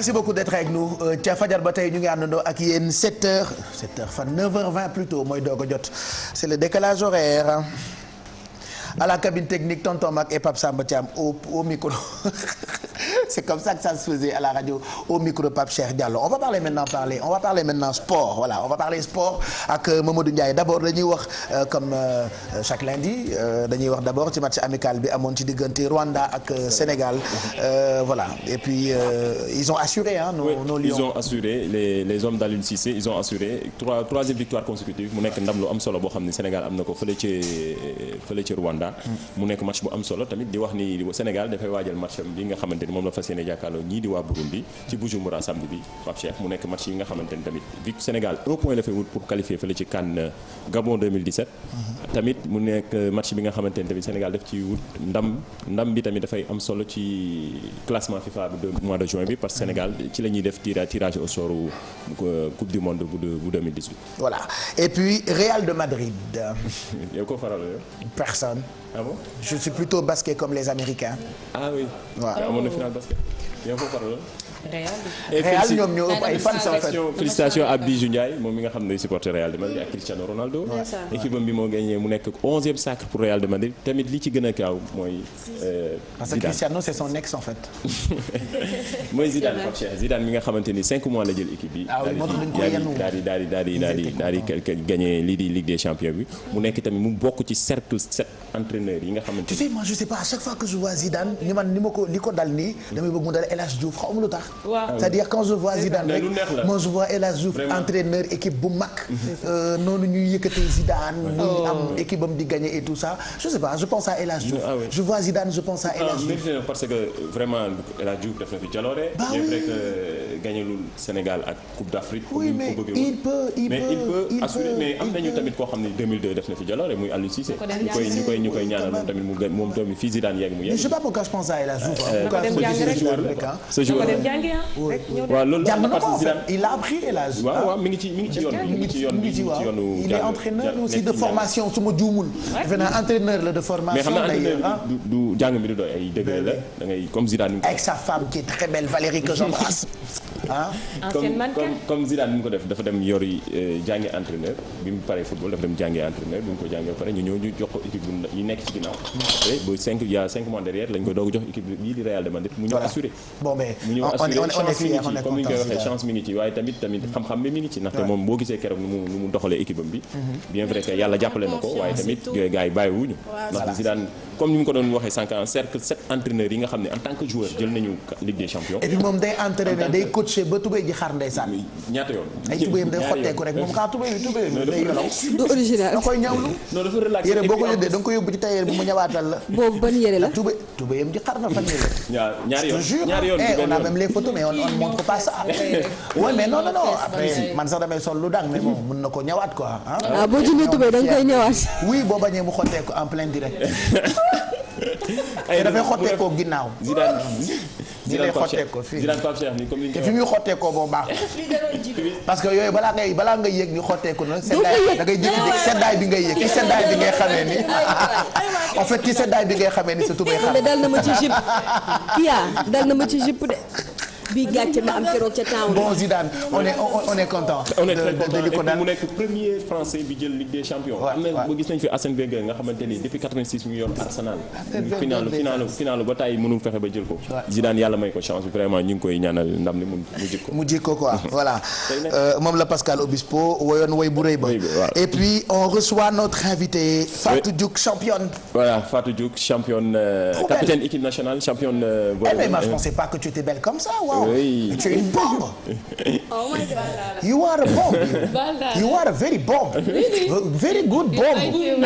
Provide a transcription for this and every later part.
merci beaucoup d'être avec nous euh, ca fajar ba tey ñu ngi àndandoo ak yéen 7 heures 7 heures fan 9 heures 20 plutôt mooy doog a jot c'est le décalage horaire à la cabine technique tonton ak et Pape Samba Thiam au au micro. c'est comme ça que ça se faisait à la radio au micro Pape Cheikh Diallo on va parler maintenant parler on va parler maintenant sport voilà on va parler sport ak euh, Mamadou Ndiaye d'abord dañuy wax euh, comme euh, chaque lundi dañuy wax d'abord ci match amical bi amoon ci diggante Rwanda ak Sénégal voilà et puis ils ont assuré hein nos nos lions ils ont assuré les victoire consécutive mu nekk ndam lu am solo boo xam ne Sénégal am na ko fële ci fële ci Rwanda mm. mu nekk match bu am solo tamit di wax ni Sénégal dafay waajal match fas yéene jàkkaarloo ñii di waa Burundi ci Bujumbura samedi bi Pape mu nekk match yi nga xamante tamit Sénégal un point la wut pour qualifier fële ci CAN euh, Gabon mm-hmm. tamit mu nekk euh, match bi nga xamante tamit Sénégal daf ci wut ndam ndam bi tamit dafay am solo ci classement FIFA bi de mois de juin bi parce que Sénégal mm-hmm. ci la ñuy def tirage tirage au sort euh, coupe du monde bu bu 2018. voilà et puis Real de Madrid. yow ko faral yow. personne. ah bon je suis plutôt basket comme les Américains. ah oui. waaw amoon ah, na final basket. yow ñoom ñoo ëpp ay fans en fait. félicitations à Bijou moom mi nga xam ne supporter Real de Madrid ak Cristiano Ronaldo. équipe bi moo gagné mu nekk onzième sacre pour Real de Madrid tamit li ci gën a mooy. Euh, Zidane mi nga xamante ni cinq mois la jël équipe bi. ah oui moo daal di daal di daal di lii di Ligue des champions bi mu nekk tamit mu bokk ci cercle sept. entraîneurs yi nga xamante tu sais moi je sais pas à chaque fois que je vois Zidane ni man ni ma ko li ko dal nii. damay bëgg mu dal El Hadj Diouf lu tax. Ah c'est-à-dire quand je vois eh, Zidane rek moi je vois El Hadj Diouf équipe bu mag. Euh, noonu ñuy yëkkatee Zidane. muy am oh. équipe am di et tout ça je sais pas je pense à El Hadj ah je vois Zidane je pense à El Hadj ah, que vraiment El Hadj Diouf def na fi jaloore. bah oui vrai que euh, gagné ak Coupe d'Afrique. oui il peut il peut il peut assurer mais am na ñu koy ñu koy ñaanal moom tamit mu gën moom tamit fii yegg mu yegg. mais je sais pas pourquoi je pense à El Hadj Diouf. waaw euh, loolu la parce que il a appris El waaw waaw mi ngi ci mi ci ah, ngi ci yoon mi ngi ci yoonu. il est entraîneur aussi de formation su ma juumul. defe naa entraîneur la de formation. d'ailleurs mais du jàng mi du doy ay degré la da ngay comme Zidane. avec sa femme qui est très belle Valérie que j'embrasse Ah. ah comme Zidane bi mu ko def dafa dem yori euh, jàngi entraîneur bi mu paree football dafa dem jàngi entraîneur bi mu ko jàngee pare ñu ñëw ñu jox ko bu nekk ci ginnaaw. ba cinq il derrière lañ ko doog jox équipe bi mm-hmm. bien vrai que yàlla jàppale na ko waaye tamit gars yi bàyyiwuñu ndax Zidane comme ni mu ko doon waxee sànq en cercle sept entraîneurs yi nga xam ne en tant que joueur jël nañu Ligue des champions moom day entraîner day coach touché ba tubéy ji xar ndeysaan. ñaata yoon ay tubéyam day xotteeku rek moom xaa tubéy tubéy bi day da koy ñawlu. non dafa relaxé yére boo ko yóbbee da nga ko yóbbu ci tailleur bi mu ñawaatal la. boobu ban yére la tubé tubéyam ji xar na fan la. ñaari yoon eh, a na ko ñawaat quoi. ah boo jëndee tubéy da koy ñawaat. oui boo bañee mu xotteeku en plein direct. ay dafay xotteekoo ginnaaw. zidane zidane Pape Cheikh zidane Pape Cheikh nii comme ni ñu ko waxee te fi muy xotteekoo boo baax. parce que yooyu balaa ngay balaa nga yëg ni xotteeku na. seddaay da ngay jékki-jékki seddaay bi ngay yëg ci seddaay bi ngay xamee ni en fet ci seddaay bi ngay xamee ni sa tubay xam. dal na ma ci jip Kia dal na ma ci jip de. bi gàcce ma am keroog ca bon Zidane on est content. on est très mu nekk premier français bi jël Ligue des champions. am gis nañ fi Arsène Wenger nga xamante ni depuis 86 mu yor Arsenal. finalu ba tey mënul fexe ba jël ko. Zidane yàlla may ko chance vraiment ñu koy ñaanal ndam li mu jik mu jik ko voilà euh, moom la Pascal Obispo woyoon woy bu rëy ba. et puis on reçoit notre invité Fatou Diouk championne. voilà Fatou championne. Euh, équipe nationale championne. Euh, eh mais je pensais pas que tu bomb. Hey. Tu es une bombe. Oh my God. You are a bomb. You are a very bomb. Really? Very good bomb.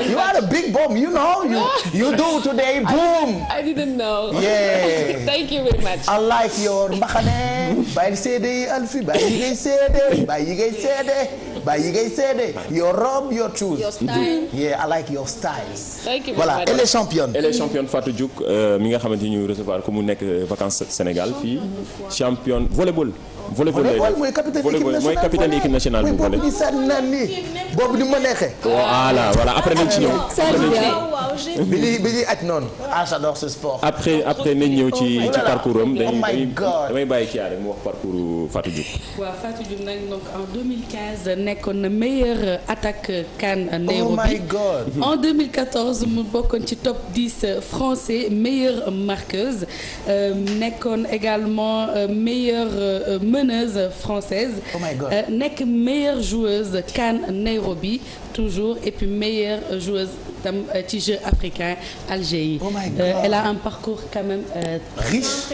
You are a big bomb. You know you you do today boom. I didn't know. Yeah. Thank you very much. I like your mbaxane. bàyyi seede yi Alfi bàyyi yi ngay seede bàyyi yi ngay seede. by yi ngay seede your robe your shoes yeah I like your style voilà elle championne elle championne Fatou Diouk euh, mi nga xamante ñu recevoir ku mu nekk euh, vacances Sénégal fii championne volleyball volleyball mooy capitaine équipe nationale boobu di sànni naan nii boobu di ma neexee voilà voilà ci ñëw bi ñuy bi noon aj noonu. ah après après nañ ñëw ci oh ci parcours am dañuy oh dañuy damay bàyyi Kya rek mu wax parcours Fatou Diouf. waaw nekkoon na meilleure attaque CAN Nairobi. Oh en mu bokkoon ci top 10 français meilleure marqueuse euh, nekkoon également euh, meilleure euh, meneuse française. oh my God nekk meilleure joueuse CAN Nairobi. toujours et puis meilleure joueuse tam euh, ci jeu africain Algérie. Oh euh, elle a un parcours quand même. Euh, riche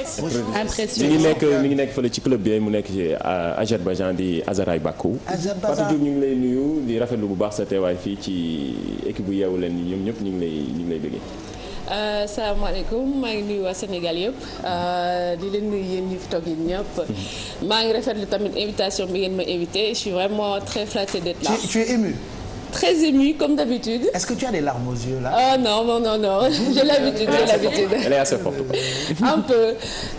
impressionnant mi ngi nekk mi ngi nekk fële ci club bi mu nekk ci euh, Azerbaïdjan di Azaray Bakou. Fatou Diouf ñu ngi lay nuyu di rafetlu bu baax sa teewaay fii ci équipe bu yeewu leen ñoom ñëpp ñu ngi lay ñu ngi lay bëggee. Euh, maa ngi nuyu waa Sénégal yëpp di leen nuyu yéen ñi fi toog yéen ñëpp mhm. maa ngi rafetlu tamit invitation bi ngeen ma invité je suis vraiment très flattée d'être là. très émue comme d'habitude. Est-ce que tu as des ah, non non non non j'ai l'habitude j'ai l'habitude. un peu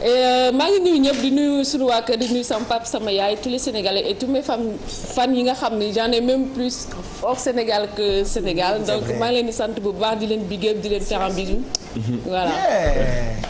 euh, maa ngi nuyu ñëpp di nuyu suñu waa kër di nuyu sama sama yaay tous les Sénégalais et tous mes femmes fan yi nga xam ne j'en même plus hors Sénégal que Sénégal donc maa ngi leen di sant bu baax di leen bigéey di leen faire un bisou. Mm-hmm. voilà.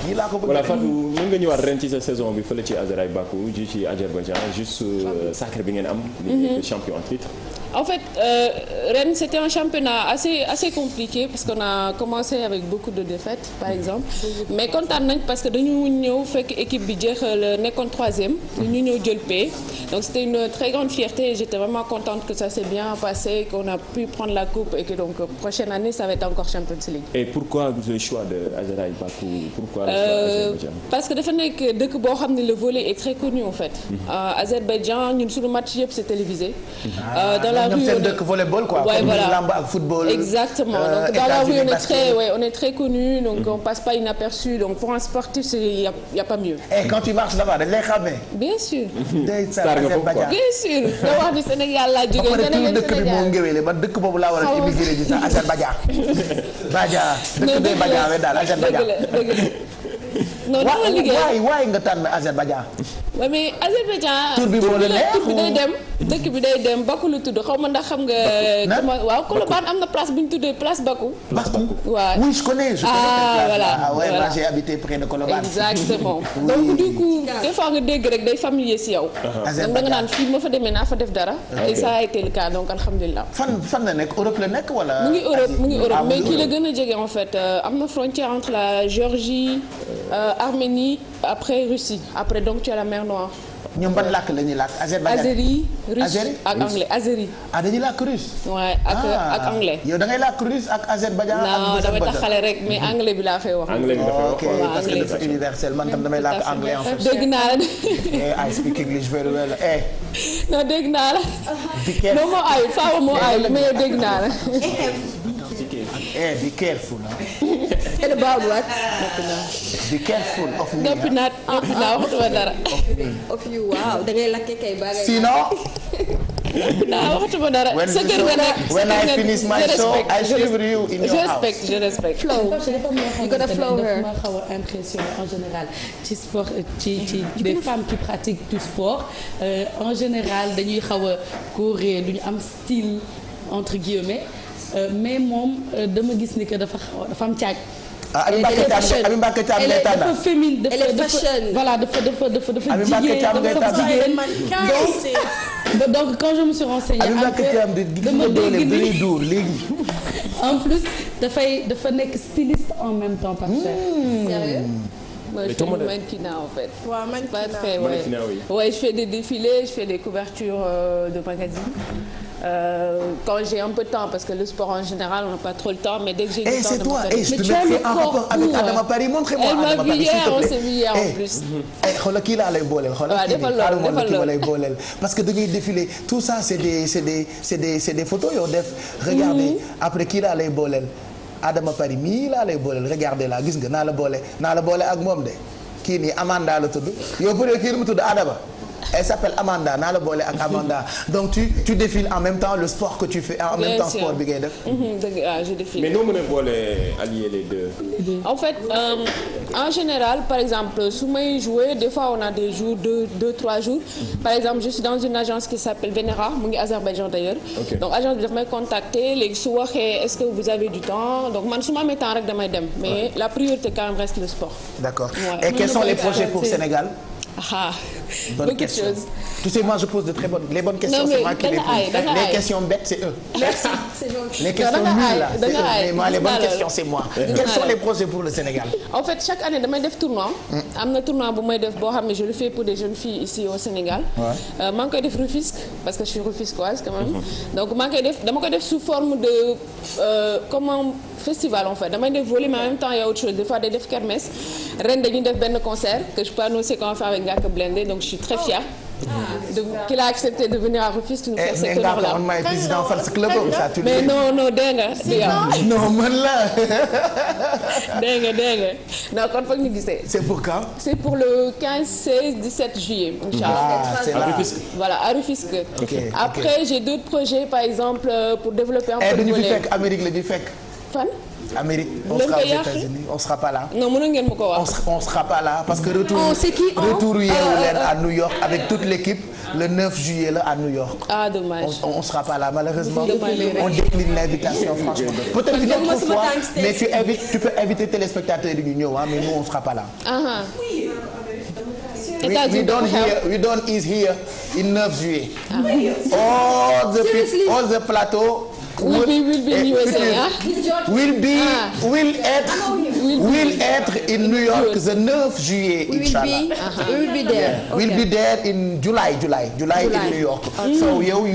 ñii laa ko bëgg voilà Fatou nga ñëwaat ren ci sa saison bi fële ci Azerbaïdjan ji ci Azerbaïdjan juste euh, sacre bi ngeen am. Mm-hmm. champion en titre. En fait, euh, Rennes, c'était un championnat assez, assez compliqué parce qu'on a commencé avec beaucoup de défaites, par exemple. Mais kontaan nañ parce que dañu ñëw fekk équipe bi jeexal euh, nekkoon troisième. ñu ñëw jël paie. Donc c'était une très grande fierté et j'étais vraiment contente que ça s'est bien passé, qu'on a pu prendre la coupe et que donc prochaine année, ça va être encore Champions League. Et pourquoi le choix de Azaraï Bakou? Pourquoi le choix euh, parce que dafa nekk dëkk boo xam ne le volley est très connu en fait. Mm -hmm. euh, Azerbaïdjan, ñun suñu match yëpp c'est télévisé. Mhm. Euh, ah. Dans la la rue seen dëkk volleyball quoi. waaye voilà football. exactement euh, dans la rue on est très connu donc on passe pas inaperçu donc pour un sportif c'est y a y a pas mieux. et eh, quand tu marches là-bas dañ lay xàmmee. bien sûr. day star nga foofu quoi bien sûr. nga wax ni Sénégal laa jógee nga ne leen dëkk bi moo ngéwéle ba dëkk boobu la war a ah, immigré ji sax Assane Badja. Badja dëkk bee Badja we daal Assane Badja. non dama liggéey waay waay nga tànn Assane Badja. waaw mais Azerbaïdjan. tur bi moo la neex tur bi day dem dëkk la tudd xaw ma ndax xam nga. Baku waaw Colobane am na place bu ñu tuddee place Baku. Baku waaw oui je connais. je connais ah voilà ah ouais moi j'ai habité près de Colobane. exactement donc du coup nga dégg rek day familier si yow. Azerbaïdjan ah, ah. da nga naan fii ma fa demee naa fa def dara. Ah, et ça a été le cas donc alhamdulilah. fan fan la nekk Europe la nekk wala. mu ngi Europe mu ngi Europe mais kii la gën a jege en fait euh, am na frontière entre la Géorgie euh, Arménie. après Russie après donc tu la mer Noire. ñoom ban làkk la ñuy làkk azeri russe ak anglais azeri ah dañuy làkk russe waaye ak ah. ak anglais yow làkk russe ak azerbaïdjan non damay tax rek mais mhm. anglais bi laa fay wax anglais bi dafa wax parce universel man tam damay làkk anglais dégg naa la eh I speak English very well eh non dégg naa la non moo ay faaw moo ay eh, mais dégg naa la hey, eh, be careful ah. kenn baalu waat. be careful of me. noppi naat noppi naa waxtuma dara. of you waaw da ngay lakke kay baa ngay. sinon. noppi naa waxtuma dara. sa kër nga nekk when I finish my show I shiver you in your house. je respect je respect. flow you gotta flow her. daf ma xaw a impression en général ci sport ci ci des femmes qui pratiquent du sport euh, en général dañuy xaw a courir duñu am style entre guillemets. Euh, mais moom euh, dama gis ni que dafa xaw dafa am caaj. ah Abi Mbacké Thiam Abi Mbacké Thiam ngay tànn dafa féminin dafa dafa voilà dafa dafa dafa dafa jigéen dafa jigéen donc quand je me suis renseignée. dama dégg ni dóor léegi. en plus dafay dafa nekk styliste en même temps. par hmm. terre. Moi, je fais du en fait. waaw mannequinat oui. ouais, je des défilés je fais des couvertures euh, de magazines. Euh, quand j'ai un peu de temps parce que le sport en général n'a pas trop le temps mais dès que j'ai hey, du eh, temps de toi. Eh, je mais tu as corps court Adama Paris montre-moi Adama Paris on s'est vu hier en eh, plus. xoolal kii laa lay booleel xoolal kii ma lay booleel parce que dañuy défiler tout ça c'est des c'est des c'est des c'est des photos yoo def. regardez mhm. après kii laa lay booleel. Adama Paris mii laa lay booleel regardez la gis nga naa la boole naa la boole ak moom de kii nii Amanda la tudd yow pour kii mu tudd Adama. elle s'appelle Amanda naa boole ak Amanda donc tu tu défiles en même temps le sport que tu fais en même temps sport bi ngay def. Mhm, dëgg ah, je défile. a boole en fait euh, en général par exemple su may jouer des fois on a des jours deux deux trois jours par exemple je suis dans une agence qui s'appelle Venera mu ngi Azerbaïdjan d'ailleurs. Okay. donc agence bi daf may su waxee est-ce que vous avez du temps donc man su ma amee temps rek damay dem mais la priorité quand même reste le sport. d'accord ouais. sont les projets pour Sénégal. Ah, ah bonne question chose. tu sais moi je pose de très bonnes les bonnes questions c'est moi qui les pose les questions bêtes c'est eux. les questions nulles là c'est les bonnes questions c'est moi. quels sont les projets pour le Sénégal. en fait chaque année damay def tournoi. Mm. am na tournoi bu may def boo xam je le fais pour des jeunes filles ici au Sénégal. waaw euh, koy def Rufisque parce que je suis rufisquoise quand même. Mm-hmm. dama def sous euh, en même a autre chose Ngaka Blindé donc je suis très oh. fière. Ah. de de venir à Rufisque nous faire eh, ce honneur là mais président nga. si nga dégg nga kon foog ñu gisee. c'est pour quand. c'est pour le 15 16 17 juillet. inchallah ah, c'est par exemple euh, pour développer un eh, portfolio. la ñuy fekk. Amérique on sera aux États-Unis ma ko wax. on sera pas là parce que retour. on oh, oh. retour yeewu euh, leen euh, à New York avec toute l'équipe le 9 la a New York. ah dommage on on a pas là on décline l'invitation franchement. peut-être une autre fois mais tu invites tu peux inviter téléspectateurs yi ñu ñëw mais nous on sera pas là. Ah, ah. États-Unis we don't hear will be will be in USA will be ah. will être will être in New York uh-huh. July July in New York mm. so you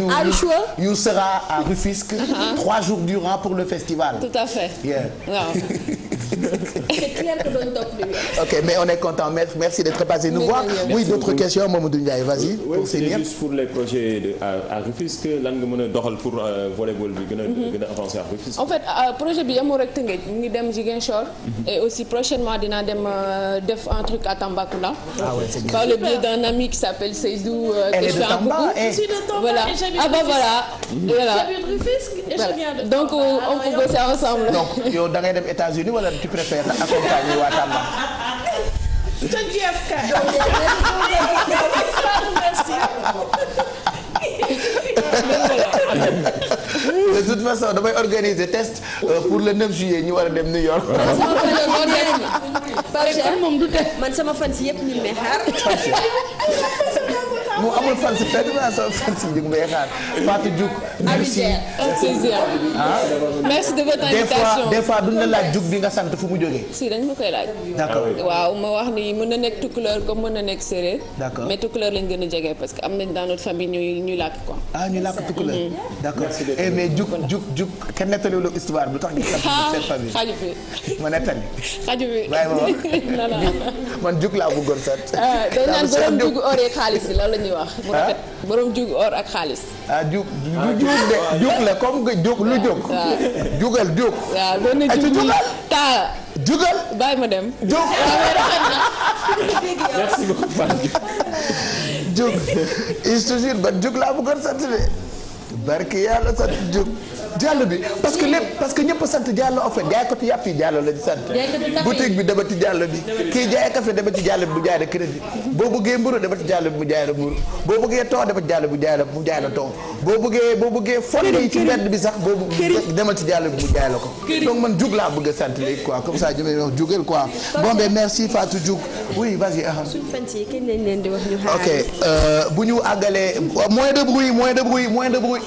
you sera à uh-huh. trois jours durant pour le festival tout à fait c'est clair que doon topp lu ok mais on est content merci d'être passé nous voir oui d'autres questions Mamadou Ndiaye vas-y. pour finir pour les projets de à Rufisque lan nga mën a doxal pour euh, volleyball bi gën a mhm. gën a avancer euh, projet bi amul ngi dem Ziguinchor. Mhm. et aussi prochainement dinaa dem euh, def un truc à Tambacounda. ah ouais c'est bien par le biais d'un ami qui s'appelle Seydou. elle est eh. de Tamba et ah voilà ah voilà. donc on peut bosser ensemble. donc yow da États-Unis tu préfères accompagner waa Tamba. de toute façon damay organiser test euh, pour le 9 juillet ñu war a dem New York. man sama fan si yëpp ñu ngi mu amul fan si fenn sama fan si ñu ngi may xaar merci ah merci de votre invitation des fois duñ la laaj bi nga sant fu mu jógee. si dañ ma koy laaj. d'accord ah waaw ma wax ni mun na nekk tukulóor comme mën na nekk séeréer. d'accord mais tukulóor lañ gën a jege parce que am nañ dans notre famille ñuy ñuy làkk quoi. ah ñu làkk tukulóor. Mm-hmm. d'accord eh mais jug jug jug kenn nettaliwu la histoire bi tax ñu sant ah, seen famille. xaju bi ma nettali. xaju bi man jug laa bëggoon sant. Ah, dañ naan borom jug or ak xaalis bi loolu la ñuy wax. bu rafet borom jug or ak xaalis. a ah, jug jug de jug la comme que jug lu jug. Ah, jugal jug. waaw doon na jug nii taa. jugal bàyyi ma dem. jug merci beaucoup jug il se jure ba jug laa bëggoon sant de barki yàlla jàll bi parce que lépp ñëpp a sant jàll en fait jaaykatu yàpp yi jàll lañu sant. boutique bi dama ci jàll jaay café dama ci jàll la crédit. boo bëggee mburu dama ci jàll bi mu jaay la mburu boo jàll bi mu jaay la mu jaay la jàll bi mu jaay la ko donc man jug laa bëgg a sant léegi quoi comme ça jëmee wax jugal quoi bon ben merci Fatou Diouf oui vas-y ah. ok euh, bu ñu àggalee euh, moins de bruit moins de bruit moins de bruit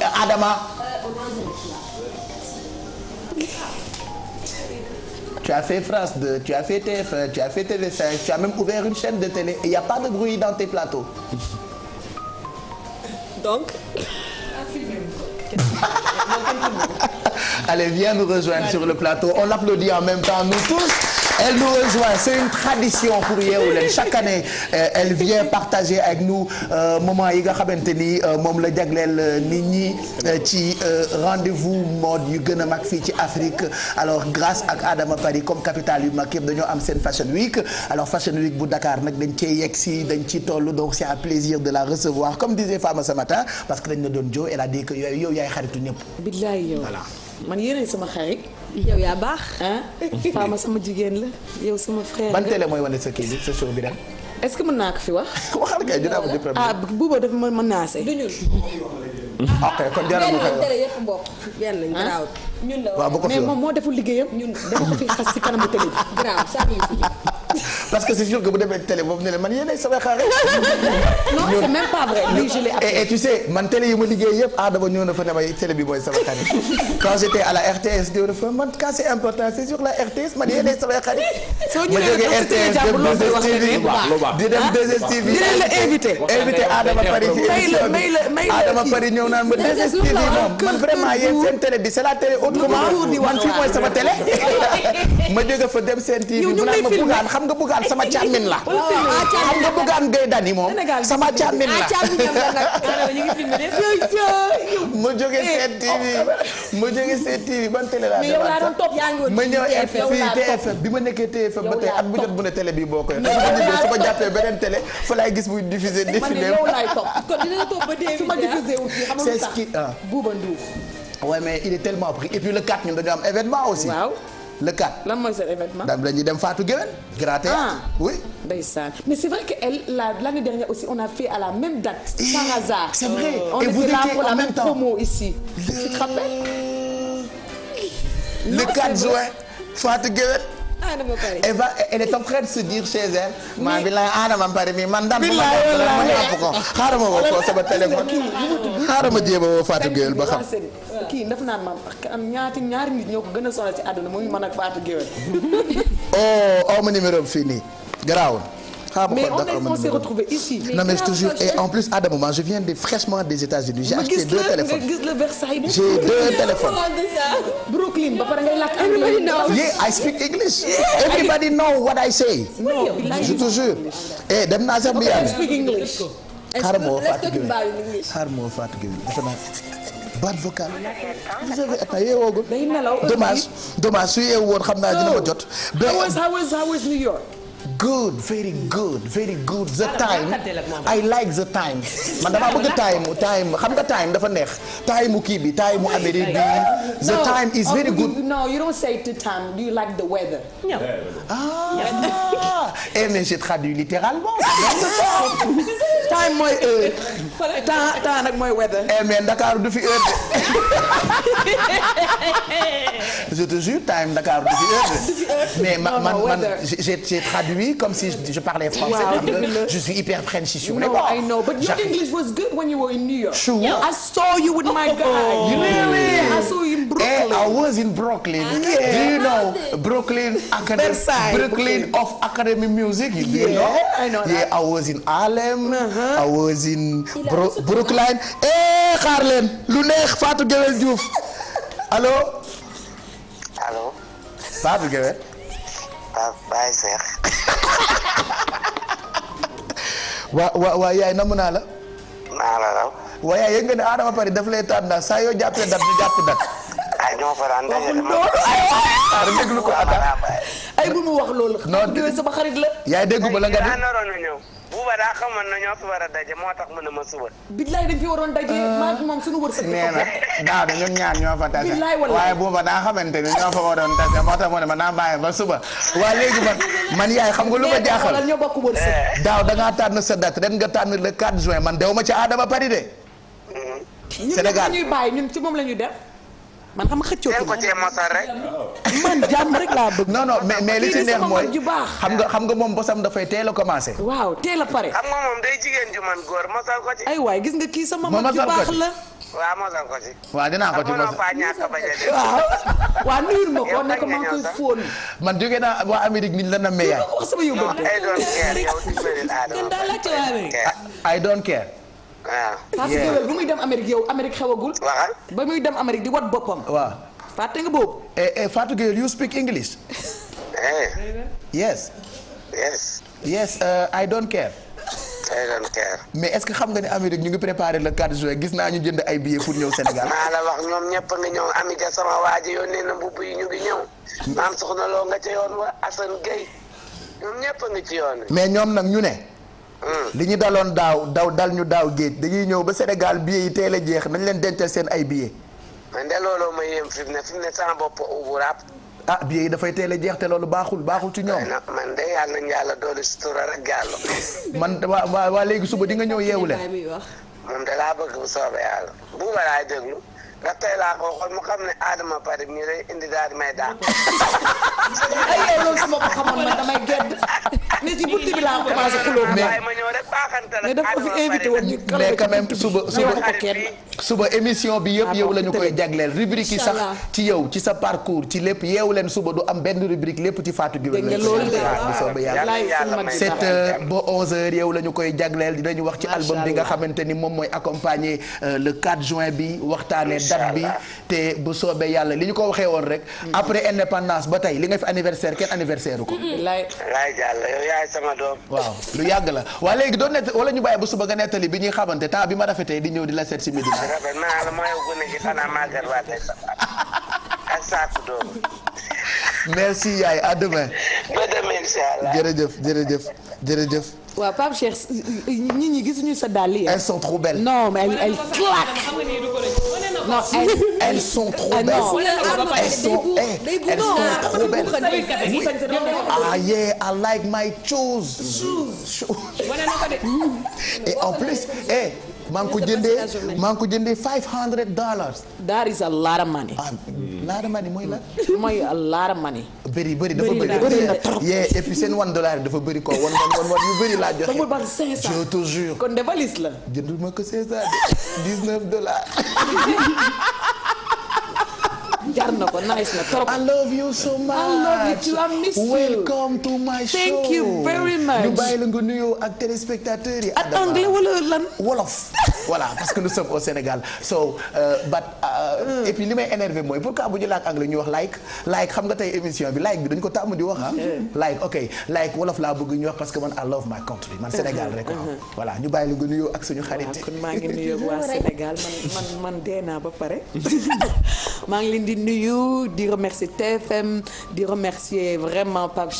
tu as fait France 2, tu as fait TF1, tu as fait TV5, tu as même ouvert une chaîne de télé et il n'y a pas de bruit dans tes plateaux. Donc. Allez, viens nous rejoindre sur le plateau. On l'applaudit en même temps, nous tous. elle nous rejoint c'est une tradition pour Yeewu Leen chaque année euh, elle vient partager avec nous euh, moment yi nga xamante ni euh, moom la jagleel nit ñi ci rendez-vous mode yu gën a mag fii ci Afrique alors grâce a Adama Paris comme capitale yu mag yëpp dañoo am seen Fashion Week alors Fashion Week bu Dakar nag dañ cee yegg si dañ ci toll donc c'est un plaisir de la recevoir comme disait Fama ce matin parce que dañ na doon jo elle a que yooyu yow yaay xaritu ñëpp. billaay yow. voilà man yéenay yow yaa baax. faama sama jigéen la yow sama frère ban télé mooy wane sa kii bi sa show bi ren. est-ce que mën naa ko fi wax. waxal kay dina am di problème. ah buuba dafa mën naa se. du ñun. Ah, ok kon jaaraama ko benn télé yëpp mbokk benn garaawul. ñun la waaw mais moom moo deful liggéeyam ñun dañ ko fi xas si kanamu télé bi. grave ça parce que c'est sûr que bu demee télé boobu ne la man yéenay samay xaar non c'est même pas vrai lui je l'ai appris et tu sais man télé yi ma liggéey yëpp ah dama ñëw na fa ne ma télé bi mooy sama xarit quand j'étais à la RTS ñëw na fa man quand c'est important c'est sur la RTS man yéenay samay xarit. soo ñu nee la di dem 2STV di leen la invité. invité Adama Paris ci émission bi Adama Paris ñëw naan ma 2STV moom man vraiment yéen seen télé bi c'est la télé autrement man sama télé ma jóge fa dem seen TV mu naan ma bugaan xam nga bugaan la xam nga ah, ah, sama càmmin la ah, ma jóge eh, seen TV oh. ma jóge seen TV ban télé laa ma bi ma nekkee TFM ba tey at bu jot bu ne télé gis muy diffusé défilé kon ouais mais il est tellement pris et puis le 4 ñun dañu am événement aussi. waaw le 4. lan mooy seen événement. daan dem Fatou Guéwén. gratte ah oui. ndeysaan mais c'est vrai que elle la l'année dernière aussi on a fait à la même date. Eh, par hasard. c'est vrai on et vous étiez en la même temps promo ici. Le... tu te rappelles. le 4 juin Adama Paris et va elle est en train se maa bi laay Adama Paris mi man daan. billaay walaay ma jàpp ko xaaral ma woo ko sama téléphone. xaaral ma jéem a woo Fatou Gueye ba xam. kii daf naan ma am ñaati ñaari nit ñoo ko gën a sonal ci àdduna muy man ak Fatou Gueye. oh aw oh, ma numéro bi nii garaawul. mais on s'est retrouvé ici. non mais je te jure et en plus à un moment je viens de fraîchement des États-Unis j'ai acheté deux téléphones j'ai deux téléphones. Brooklyn ba pare ngay làkk everybody knows. yeah I speak English. everybody know what I say. je te jure. et eh, dem naa sax Miami. xaaral moo Fatou Gueye xaaral moo Fatou Gueye defe naa. baat vocale vous avez atteint yeewoogul dommage dommage su yeewu woon xam naa dina ma jot. how was how was how was New York. good very good very good the time I like the time man damaa bëgg time time xam nga time dafa neex time mu kii bi time mu amee bi the oh, time is oh, very good. no you don't say the time do you like the weather. No. ah eh mais j'ai traduit littéralement. time mooy heure. temps temps nag mooy weather. eh mais Dakar du fi heure de. je te jure time Dakar du fi heure de. mais man man j'ai traduit lui comme si je, je parlais français. Wow. je suis hyper French sur no, les bords. I know, but your English was good when you were in New York. Sure. Yeah, I saw you with my oh. guy. Oh, really? I saw you in Brooklyn. Eh, I was in Brooklyn. Yeah. Do you know Brooklyn Academy? Brooklyn of Academy Music. Do you yeah, know? I know that. Yeah, I was in Harlem. Uh-huh. I was in Bro Brooklyn. Eh, xaar leen lu neex Fatou Guewel Diouf allo. allo. Fatou Guewel. ba bàyyi seex. waa waa waa yaay namu naa la. naa waa yaay yëg nga ne daf lay tànn ndax saa yoo jàppee dat ñu jàpp dat. Ah, ah, ay bu mu wax loolu. non sama xarit la. yaay déggu la nga di. buuba daa xamoon na ñoo fi war a daje moo tax mu ne ma suba. billaay dañ fi waroon daje. Euh, maa ngi moom suñu wërsëg. nee na daaw de ñun ñaar ñoo fa tase. waaye buuba daa xamante ni ñoo fa waroon tase moo tax mu ne ma naa bàyyi ba suba. waa léegi man man yaay xam nga lu ma jaaxal ñoo bokk wërsëg. Eh. daaw da ngaa tànn sa date ren nga tànn le 4 juin man dew ma ci Adama Paris de. Mm-hmm. Sénégal ñun ñuy bàyyi ñun ci moom la ñuy def. man xam xëccoo ko rek. man jàmm rek laa bëgg. non non mais mais li ci neex mooy xam nga xam nga moom bosam dafay teel a commencé. waaw teel a pare. xam nga moom day jigéen ju man góor mosal waay gis nga ci. waaw dinaa ko ci mosal waaw. waaw nuyul ko ne ko man jóge naa waa Amérique ni la na meeyaay. sama yóbbu. I I don't care. waaw. parce que muy dem Amérique yow Amérique xewagul. waaw ba muy dem Amérique di wat boppam. waaw fàtte nga boobu. eh eh you speak English. Eh. yes. yes. Uh, I don't care. I don't care. mais est xam nga ne Amérique ñu ngi préparer le 4 juin gis naa ñu jënd ay pour ñëw Sénégal. maa la wax ñoom ñëpp nga ñëw Amidia sama waa ji yónnee mbubb yi ñu ngi ñëw. maam soxna loo nga ca yoon wa Assane Gueye ñoom ñëpp nga ci yoon mais ñoom nag ñu ne. li ñu daloon daaw daw dal ñu daaw géej dañuy ñëw ba Sénégal billets yi teel a jeex nañ leen dencal seen ay billets. man de looloo ma yem fi ne fi ne sama bopp ubu raab. ah billets yi dafay teel a jeex te loolu baaxul baaxul ci ñoom. man de yàlla nañu yàlla doole sutura rek yàlla. man waa waa léegi suba di nga ñëw yeewu leen. moom da bëgg bu soobee yàlla bu ba laay déglu. nga mu xam ne Adama Barry mii lay indi daal di may daal. ay yow loolu su ko xamoon man damay gedd ne ci buntu fi invité woon ñu mais quand suba suba suba émission bi yëpp ah yow lañu koy jagleel rubrique yi sax ci yow ci sa parcours ci lépp yeewu leen suba du am benn rubrique lépp ci Fatou Gueye dégg sooba yàlla sept heures ba onze heures yow la ñu koy jagleel dinañu wax ci album bi nga xamante ni moom mooy accompagner euh, le 4 juin bi waxtaanee date bi te bu soobee yàlla li ñu ko waxee woon rek. Mm. après indépendance ba tey li nga fi anniversaire kenn anniversaire ko. Mm. waaw lu yàgg la waa léegi doo nett wala ñu bàyyi bu suba nga nettali bi ñuy xamante temps bi ma rafetee di ñëw di la seet si Médina. sa ak saako doom. merci yaay à demain. ba demain jërëjëf jërëjëf jërëjëf. waaw Pape Cheikh nit ñi gisuñu sa dàll yi. elles sont trop non mais elles claquent. non ah, si elles sont trop ah, elles sont eh, elles ah yeah I like my shoes. maa ngi ko jëndee maa ngi ko jëndee 500 dollars. that is a lot of money. ah lot of mooy la. mooy a lot of money. bëri bëri dafa bëri bëri na trop. yee et puis seen one dafa bëri ko wan wan wan yu bëri laa joxe. ba 500 je te jure. kon de valise la. jëndu ma ko 500 de 19 dollars. jar na ko nice na trop. I love you so much. I love you too. yi. ak anglais wala lan. wolof voilà parce que nous sommes au so euh, but euh, et puis li may énervé mooy pourquoi bu ñu laak anglais ñu wax like like xam nga tey émission bi like bi dañ ko tàmm di wax ah. like ok like wolof laa bëgg ñu wax parce que man I love my country man Sénégal rek ah. voilà ñu bàyyi la nga nuyoo ak suñu xarit. maa ngi nuyoo waa Sénégal man dee naa ba pare nuyu di remercier TFM di remercier vraiment Pape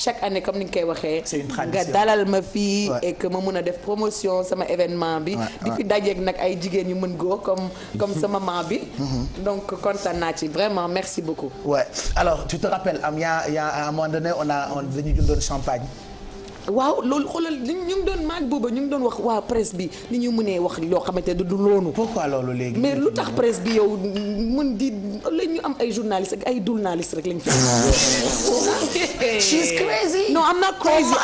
chaque année comme ni nga koy waxee. nga dalal ma fii. et que ma mun a def promotion sama événement bi. di fi nag ay jigéen yu mën góor comme comme sama maman bi. Mhm. donc kontaan naa ci vraiment merci beaucoup. waaw alors tu te rappelles am y' ya y' a à un moment donné on a on dañu jëndoon champagne. waaw loolu xoolal ñu ngi doon maag booba ñu ngi doon wax waa presse bi ni ñu mënee wax loo xamante du loonu. pourquoi loolu léegi. mais lu tax presse bi yow mën di la ñu am ay journaliste ay journaliste rek lañ fi. she's am na I'm not crazy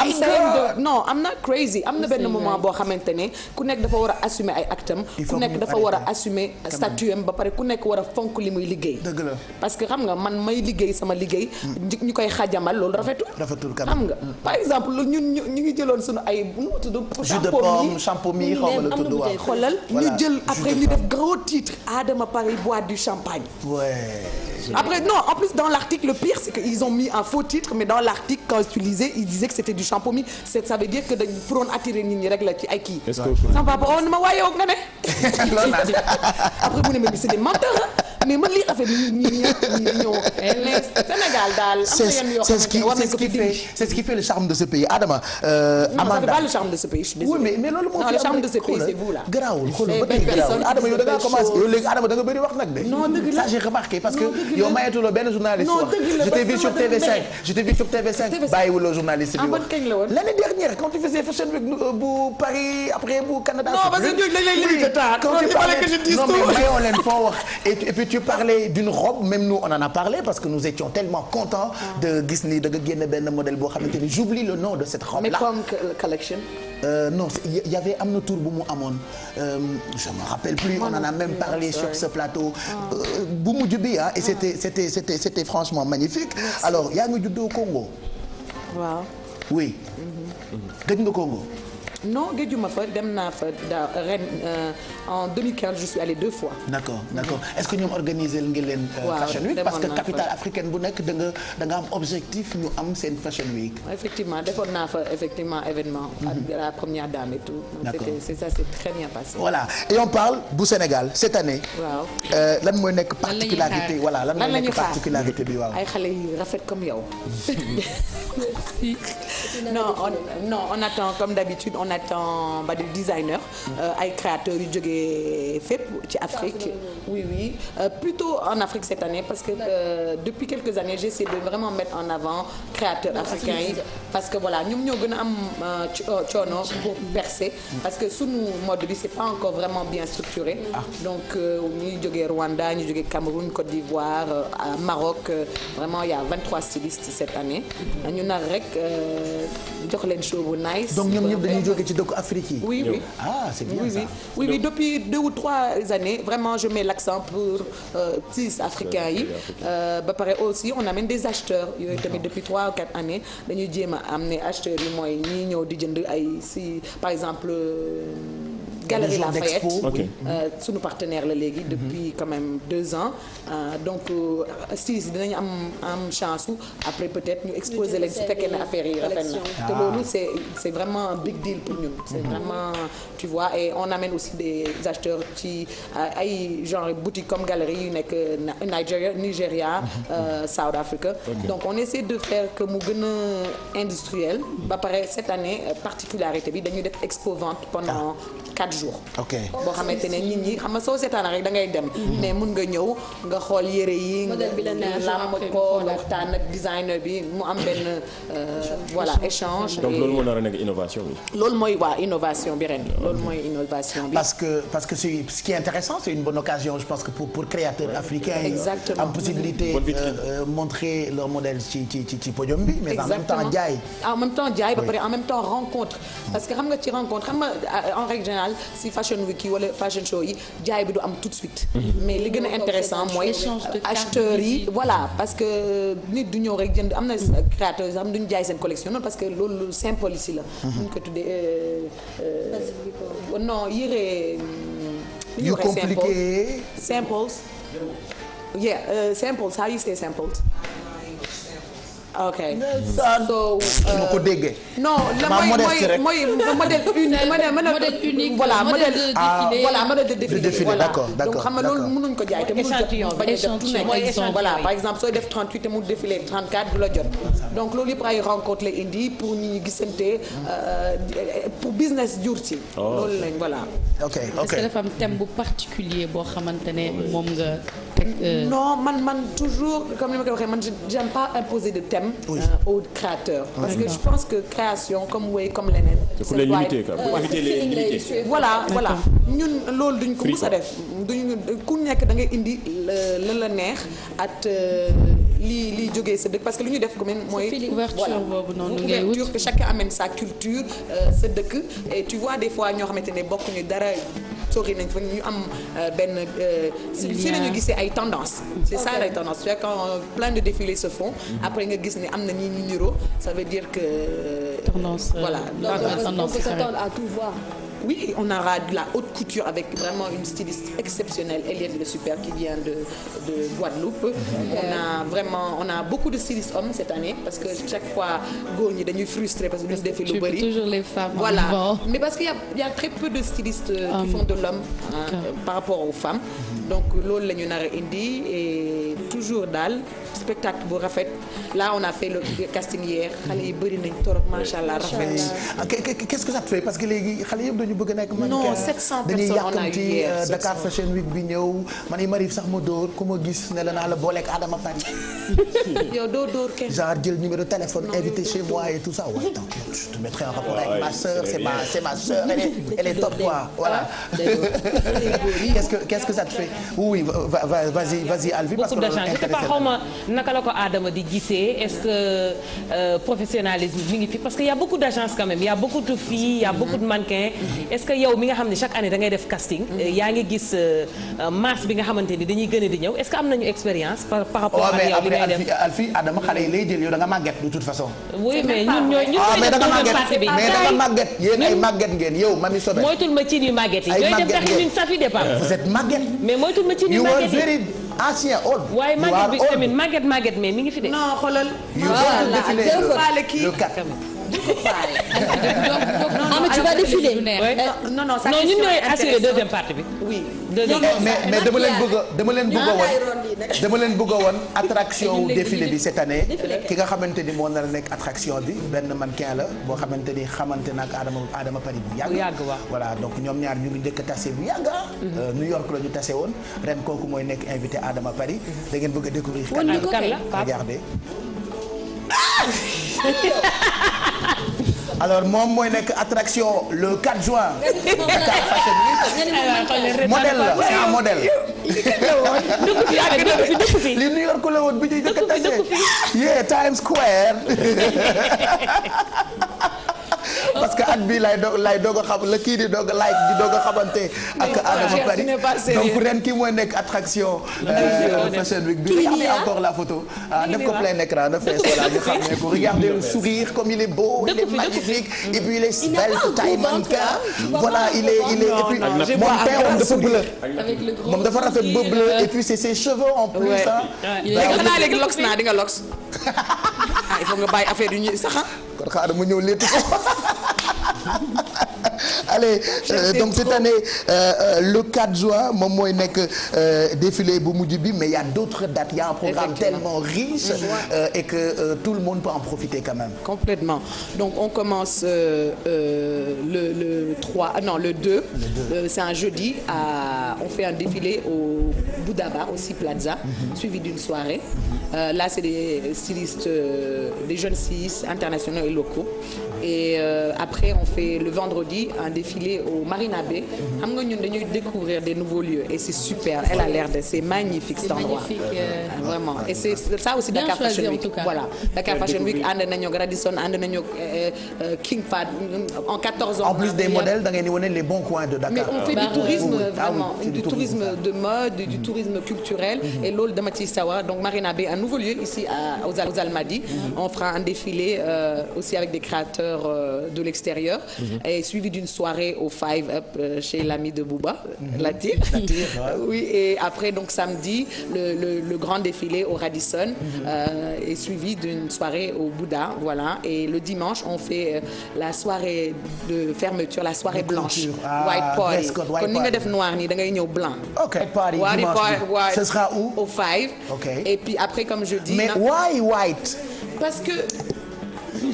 oh I'm am na benn moment boo xamante ne ku nekk dafa war a assumer ay actam ku nekk dafa war a assumer statut am ba pare ku nekk war a fonk li muy liggéey. dëgg la parce que xam nga man may liggéey sama liggéey. Mm. ñu koy xajamal loolu rafetul. rafetul xam nga mm. par exemple ñun ñu ñu ngi jëloon suñu ay nu mu tudd. jus de pomme champomy xaw ma la tudd waaw xoolal ñu jël après ñu def gros titre Adama Paris boit du champagne. après non en plus dans l'article le pire c'est que ils ont mis un faux titre mais dans l'article quand tu lisais ils disaient que c'était du champomy c'est ça veut dire que dañ pour attirer nit ñi rek la ci ay kii. est-ce que sama papa oo na ma waaye nga ne. après mu ne ma c'est des menteurs mais man lii affaire yi ñuy ñëw Sénégal daal am na yoo xam ne c' est ce qui fait le charme de ce pays Adama. Amanda non c' est pas le charme de ce pays. oui mais mais loolu moo fi am. non le charme de ce pays c' est vous là. garaawul xoolal ba tey garaawul Adama yow da ngaa commencé yow léegi Adama da nga bëri wax nag de. non dëgg la ça j'ai remarqué parce que yow mayatuloo benn journaliste wax. je t'ai vu sur TV5 je t'ai vu sur TV5 bàyyiwuloo journaliste bi wax. l' année dernière quand tu faisais fashion week bu Paris après bu Canada. non parce que ñun dañ lay limité temps. non mais mayoo leen foo wax et puis tu parlais d'une robe même nous on en a parlé parce que nous étions tellement contents de gis ni da nga génne modèle boo xamante ni j'oublie le nom de cette robe là mais euh, non il y avait am na tour bu mu amoon euh, je me rappelle plus on en a même parlé sur ce plateau ah. euh, bu mujj bi ah et ah. c'était c'était c'était c'était franchement magnifique alors yaa ngi juddoo Congo waaw oui mhm. gëj nga Congo non géejuma fa dem naa fa daaw ren euh, en je suis allée deux fois. d' d' accord est ce que ñoom organiser ngeen leen. Euh, fashion week parce que capitale africaine bu nekk da nga da nga am objectif ñu am seen fashion week. effectivement defoon naa fa effectivement événement. Mhm. la première dame et tout. d' accord c' est très bien passé. et on parle bu Sénégal cette année. waaw euh, lan mooy nekk particularité voilà lan mooy nekk particularité bi waaw. ay xale yu rafet comme yow. non on attend comme d' Nathan ba di designer. Euh, ay créateurs yu jógee fépp ci Afrique. oui oui euh, en Afrique cette parce que euh, depuis quelques années de vraiment mettre en parce que voilà ñoom ñoo gën am coono pour percer. parce que sunu mode bi c'est vraiment bien structuré. Ah. donc ñuy jógee Rwanda ñu jógee Cameroun Côte d'Ivoire Maroc vraiment il y a ci dëkku Afrique yi. oui oui ah c'est bien oui, ça. oui oui depuis deux ou trois années vraiment je mets l'accent pour artistes euh, africains yi. Euh, ba pare aussi on amène des acheteurs yooyu tamit depuis trois ou quatre années dañuy jéem a am ne acheteurs yi mooy ñiy ñëw di jënd ay si par exemple. Euh, Galerie Lafayette euh, suñu partenaire la léegi mhm. depuis quand même deux ans euh, donc euh, stis dinañu am am chance après peut-être ñu exposer leen su fekkee ne affaire yi rafet na te loolu ah. c'est c'est vraiment un big deal mhm. et on amène aussi des acheteurs ci ay genre boutique comme galerie yu nekk Nigeria Nigeria mhm. South Africa donc on essaie de faire que mu gën a industriel ba pare cette année particularité bi dañuy def expo vente pendant ah. 4 jours. ok boo xamante ne nit ñi xam nga soo mhm. nga ñëw nga xool yi. modèle bi la neex ko waxtaan ak am benn. Euh, voilà échange. donc loolu a nekk innovation bi. loolu mooy waa innovation bi ren. loolu mooy innovation bi. parce que parce que ce qui est intéressant c'est une bonne occasion je pense que pour pour créateurs africains. exactement am possibilité. Euh, euh, montrer leur modèle ci ci ci ci podium bi. mais en même temps jaay. Ah, en même temps rencontre. Mm. parce que xam nga ci rencontre xam nga en règle si fashion week yi wala fashion show yi jaay bi du am tout de suite. mais li gën a intéressant mooy. acheteurs yi voilà parce que nit du ñëw rek jënd am na créateurs yoo du ñu jaay seen collection non parce que loolu symbole si la. buñ mhm. ko tuddee. Euh, euh, non yére. yu compliqué simples. yeah uh, simples how you say simples. ok so. Euh, ma ko déggee. non la mooy mooy modèle unique. voilà modèle ah, voilà donc xam nga loolu mënuñ ko jaay te mënuñ ko bañ a jot tout te mu défilé 34 du la jot. donc loolu yëpp ay rencontre la indi pour ñu gisante euh, pour business jur ci. Oh. loolu lañ voilà. ok ok est bu particulier boo xamante ne moom nga. Euh, non man man toujours comme ni ma ko waxee man j'aime pas imposer de thème. problème oui. euh, au ah, parce que je pense que création comme wéy comme leneen euh, voilà voilà ñun loolu duñ ko mës a def duñu ku nekk da ngay indi la la neex at euh, lii lii jógee sa dëkk parce que li ñu def ko même mooy ouverture boobu noonu ngay wut ouverture que chacun amène sa culture euh, sa dëkk et tu vois des fois ñoo xamante ne bokkuñu dara sori nañ fa ñu am euh, benn. si la ñu gisee ay tendance c'est ça les tendances c'est quand plein de défilés se font. Mhm. après nga gis ni am na ñi ñu niro ça veut dire que. Euh, tendance euh, voilà. tendance à tout voir. oui, on aura de la haute couture avec vraiment une styliste exceptionnelle, Eliane Le Super, qui vient de, de Guadeloupe. Okay. Mhm. On a vraiment, on a beaucoup de stylistes hommes cette année parce que chaque fois, Gogne est frustré parce que nous défilons le bari. toujours les femmes. Voilà. Avant. Mais parce qu'il y, y, a très peu de stylistes um, qui font de l'homme okay. hein, par rapport aux femmes. Mhm. Donc, l'eau, nous indi et toujours daal spectacle bu rafet là on a fait le casting hier xale yi bëri nañ trop macha rafet. Ah, qu'est-ce que te fait parce que léegi xale yëpp dañu bëgg a nekk. man non 700 personnes on a eu hier euh, dañuy Week bi ñëw man yi ma sax ma dóor ku gis ne la naa la booleeg Adama Paris. yow doo dóor kenn. genre jël numéro téléphone invité chez moi et tout ça waaye donc je te mettrai en rapport avec ma soeur c'est ma c'est elle top quoi voilà. Ah, qu'est-ce que ça quelque part xaw ma naka la ko Adama di gisee est-ce euh, mi ngi fi parce que y a beaucoup de filles y a mm-hmm. beaucoup de mannequins mm-hmm. est-ce que yow mi nga xam ne chaque année da def casting mm-hmm. euh, yaa ngi gis euh, masse bi nga xamante ni dañuy gën a di ñëw est am nañu expérience par rapport ak yow li xale yi lay jël yow da nga de toute façon mais ñun ñooy ah, ma cin yu màgget yi ñooy def tax ñun safi départ vous êtes màgget mais moytul ma cin yu màgget yi ancien old. waaye màgget bi tamit màgget màgget mais mi ngi fi de. non xoolal. yu bëri ama ah, tu vas défiler non non bi oui mais dama leen bëgg dama leen bëgg a woon dama leen bëgg a woon attraction wu défilé bi cette année ki nga xamante ni moo na a nekk attraction bi benn man mannequin la boo xamante ni xamante naak Adama Adama Paris bu yàgg voilà donc ñoom ñaar ñu ngi dëkk tase bu yàgg ah. mhm. euh, New York la ñu tase woon ren kooku mooy nekk invité Adama Paris mhm. da ngeen bëgg a découvrir kan la bi alors moom mooy nekk attraction le 4 juin. Dakar Fashion Week. modèle la c'est un modèle. li New York la woon bi ñuy njëkk a tase. yeah Times Square. parce que at bii lay doog xam la kii di doog di doog a xamante ak Adama Paris donc ren kii mooy nekk attraction euh, bi regardez encore la photo ah, def ko plein écran na ne ko regardez comme il est beau il est magnifique mm. et puis il est svelte taille voilà il est il est rafet ba bleu et puis c'est ses en plus ah léegi xanaa léegi lox naa di nga lox ah il faut nga bàyyi affaire yu ñuy sax kon xaaral ma ñëw létt ko allez euh, donc cette année euh, le 4 juin moom mooy nekk euh, défilé bu mujj bi mais y a d'autres dates y a un programme tellement riche mm-hmm. euh, et que tout le monde peut en profiter quand même donc on commence le le 3 ah non le 2, c'est un jeudi on fait un défilé au Boudaba aussi Plaza mm-hmm. suivi d'une soirée mm-hmm. Euh, là, c'est des stylistes, euh, des jeunes stylistes internationaux et locaux. Et euh, après, on fait le vendredi un défilé au Marina Bay. Xam nga ñun dañuy découvrir des nouveaux lieux et c'est super. Elle a l'air de c'est magnifique cet endroit. Euh. Vraiment. Et c'est ça aussi Dakar Fashion Week. Voilà. Dakar Fashion Week ànd nañu Radisson ànd nañu euh, euh, King Fahd en 14 ans. plus des modèles, da ngeen di wone les bons coins de Dakar. Mais on fait du tourisme ah vraiment, du tourisme de mode, mhm. et loolu dama ciy sawar donc Marina un nouveau lieu ici à, aux, aux Almadies. Mm On fera un défilé euh, aussi avec des créateurs euh, de l'extérieur mhm. et suivi d'une soirée au Five Up euh, chez l'ami de Bouba, mhm. la tire. La tire oui, après donc samedi, le, le, le grand défilé au Radisson mhm. est suivi d'une soirée au Bouddha, voilà. Et le dimanche, on fait la soirée de fermeture, la soirée blanche. Ah, white party. Kon ni nga def noir ni da blanc. OK, party, white party. Ce Five. Et puis comme je dis. mais why white. parce que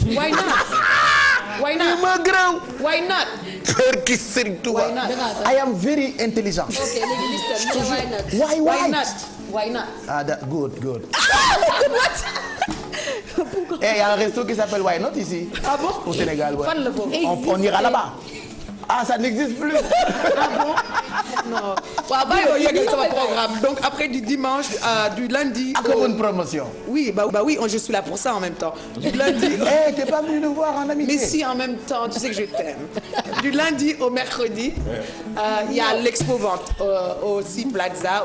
why not. why not ma why not. kër ki Serigne Touba. why not I am very intelligent. why not. ah da good good. pourquoi. Ah, eh, a un resto qui s'appelle Why Not ici. ah Sénégal. fan la foofu on ah ça n'existe plus. ah bon non. waaw bàyyi ko yeggal sama programme donc après du dimanche euh, du lundi. ak ah, bonne promotion. oui bah, bah oui je suis là pour ça en même temps. du lundi. eh hey, t'es pas venu nous voir en amitié. mais si en même temps tu sais que je t'aime. du lundi au mercredi. Euh, il a l'expo vente euh, au Sea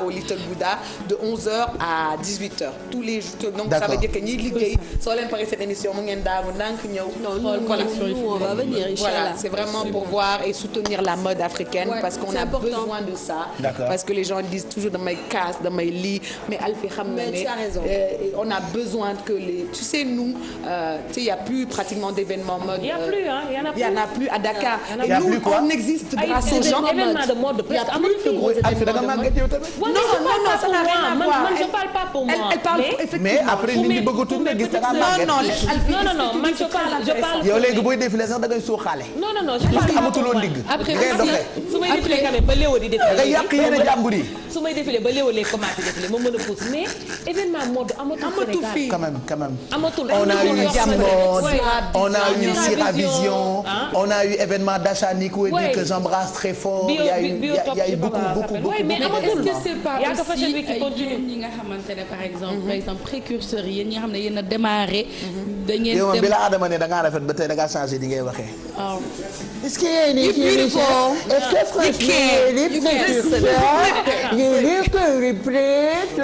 au Little Buddha de 11 à 18 tous les jours. donc soo leen paree cette ngeen daamu ndànk ñëw. c'est vraiment pour voir. et soutenir la mode africaine. Ouais, parce qu'on a important. besoin de ça. parce que les gens disent toujours damay casse damay lii mais Alphie xam na ne on a besoin que les tu sais nous euh, tu sais y a plus pratiquement d'événements mode. y a plus hein euh, y en a plus y en a plus à Dakar. y en a plus nous, quoi on existe ah, grâce aux gens. événement de mode presque amul fi gros événement de mode. non non non ça n'a rien à voir man je parle pas pour moi. elle parle effectivement mais après nit ñi bëgg a tourner gis nga non non non man je parle je parle. yow léegi booy défilé sax da ngay suuxaale. non non non je parle ndigg. après su may défilé quand même ba léew di défilé. nga yàq yéen a jàmbur yi. su may défilé ba léew lay commencé défilé ma mën a pousse mais événement mode amatul fii quand même quand même. amatul on a eu Jamon on a eu Sira Vision on a eu événement d'achat Nico et dit que j'embrasse très fort. y a eu y a eu beaucoup beaucoup beaucoup. mais est-ce que c'est pas aussi ay yéen ñi nga xamante ne par exemple. Mhm. par exemple précurseurs yi yéen ñi nga xam ne yéen a démarré. Mhm. da ngeen dem bi la Adama ne da ngaa rafet ba tey da ngaa changé di ngay waxee. waaw. est-ce que yéen it beautiful. est-ce que franchement yéen it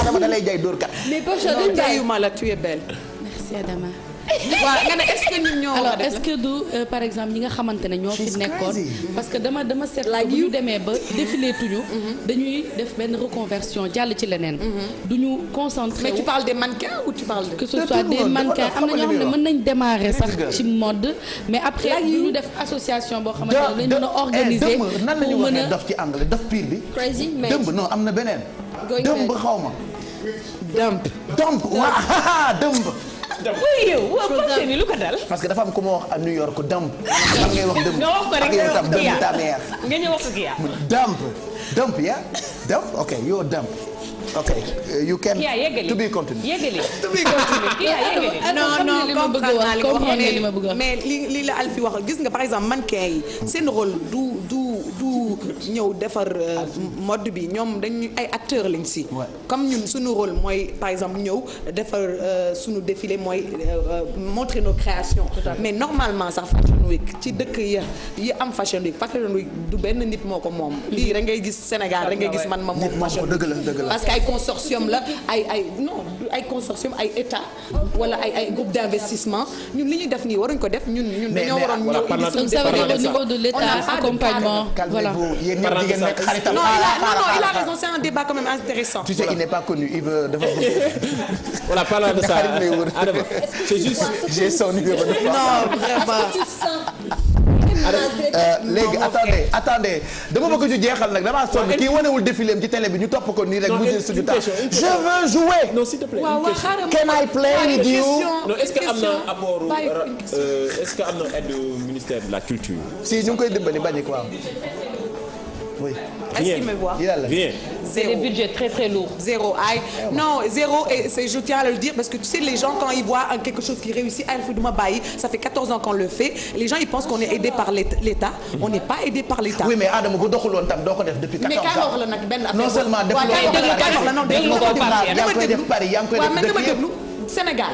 Adama da lay jaay dóor kat. mais Pape Cheikh dañu jaayuma la tu es belle. merci Adama. waaw nga ne est ce que ñun ñoo alors est ce que du euh, par exemple ñi nga xamante ne ñoo fi nekkoon parce que dama dama seet bu ñu demee ba défilé tuñu mhm. dañuy def benn reconversion jàll ci leneen mhm. du ñu concentré mais tu parles des mannequins ou tu parles que ce soit des mannequins am na ñoo xam ne mën nañ démarrer sax ci mode mais après du ñu def association boo xamante ne lañ mën a eh, organiser nan lañu waxee dof ci anglais dof pire bi crazy dëmb non am na beneen dëmb xaw dëmb lu ko dal. parce que dafa am ku ma wax à New York damp. xam ngay wax dëmb. nga wax ko rek nga wax nga ñëw wax ko kii yaa. damp ya damp ok yow damp. okay uh, you can. to be continued. yeggali to be continued. non non comprendre li ma bëgg a wax mais li li la Alfie wax gis nga par exemple mannequin yi seen rôle du du du ñëw defar euh, mode bi ñoom dañu ay acteurs lañ si. comme ñun suñu rôle mooy par exemple ñëw defar euh, suñu défilé mooy euh, montrer nos créations. mais normalement sax fashion week ci dëkk ya yi am fashion week fashion week du benn nit moo ko moom. lii rek ngay gis Sénégal rek ngay gis man ma moom fashion week. parce que ay consortium la ay ay non ay consortium ay état wala ay ay groupe d'investissement ñun li ñuy def nii waruñ ko def ñun ñun dañoo waroon ñëw indi niveau de l'état accompagnement voilà non il a ah, ah, ah, raison c'est un débat quand même intéressant tu sais il n'est pas connu il veut dafa voilà parlant de ça c'est juste j'ai son numéro de non vraiment Euh, léegi attendez attendez dama bëgg ñu jeexal nag damaa sonn kii wanewul défilé am ci télé bi ñu topp ko nii rek bu jël suñu temps je veux jouer. can I play with you. non est-ce que am na apport euh, est-ce que am na ministère de la culture. si ñu ngi koy dimbali bañ a quoi oui. est-ce qu'il me voit. zéro des budgets très très lourds. zéro ay eh non zéro et je tiens à le dire parce que tu les gens quand ils voient quelque chose qui réussit ay duma bàyyi ça fait 14 ans qu'on le fait les gens pensent qu'on est aidé par l'État on n'est pas aidé par l'État. oui mais Adama bu doxuloon tam doo ko def depuis 14 ans la nag benn affaire non seulement def loo ko def loo ko def d Sénégal.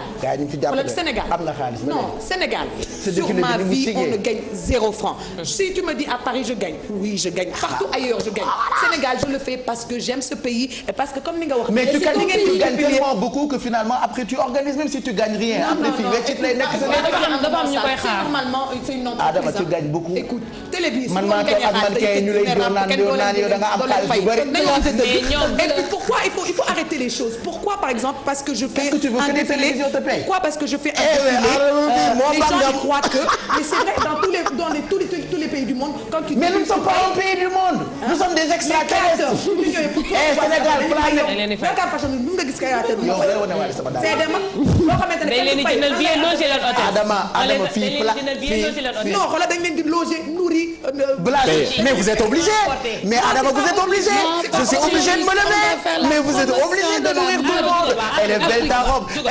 non Sénégal. sur ma vie on ne gagne zéro franc. si tu me dis à Paris je gagne oui je gagne partout ailleurs je gagne Sénégal je le fais parce que j'aime ce pays parce que comme ni nga mais tu gagnes tu gagnes que finalement après tu organises même si tu gagnes rien. am na fi weccit lay nekk sa nekk. normalement c'est une Adama tu gagnes beaucoup. écoute télé bi man maa toog ak man kay par exemple parce que je fais. télé je fais un eh peu les gens croient que mais c'est vrai dans tous les dans les tous les tous les pays du non xoolal dañ leen di mais vous êtes obligé. mais Adama vous êtes obligé. je suis obligé de nourrir tout monde. elle est belle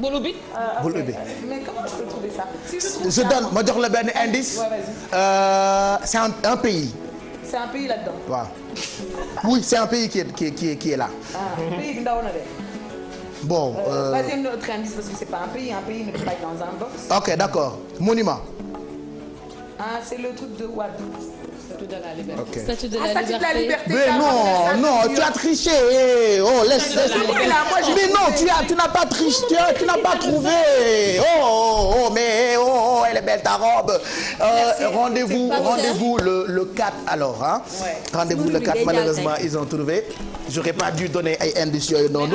bul ubbi. bul ubbi mais comment tu trouver ça. je donne ma jox la benn indice. Euh, c'est un un pays. c'est un pays là-dedans. oui c'est un pays qui est là. Ah, bon. Euh, euh, vas-y un parce que c'est pas un pays un pays ne pas dans un box. ok d'accord monument. Ah, c'est le truc de Wade. statut ah, mais non tu as triché eh, oh, mais non tu n'as pas triché tu n'as pas trouvé oh, oh oh mais oh, elle est belle ta robe. Euh, rendez-vous rendez-vous le le 4 alors ah. rendez-vous le 4 malheureusement ils ont trouvé. pas dû donner ay indices yooyu noonu.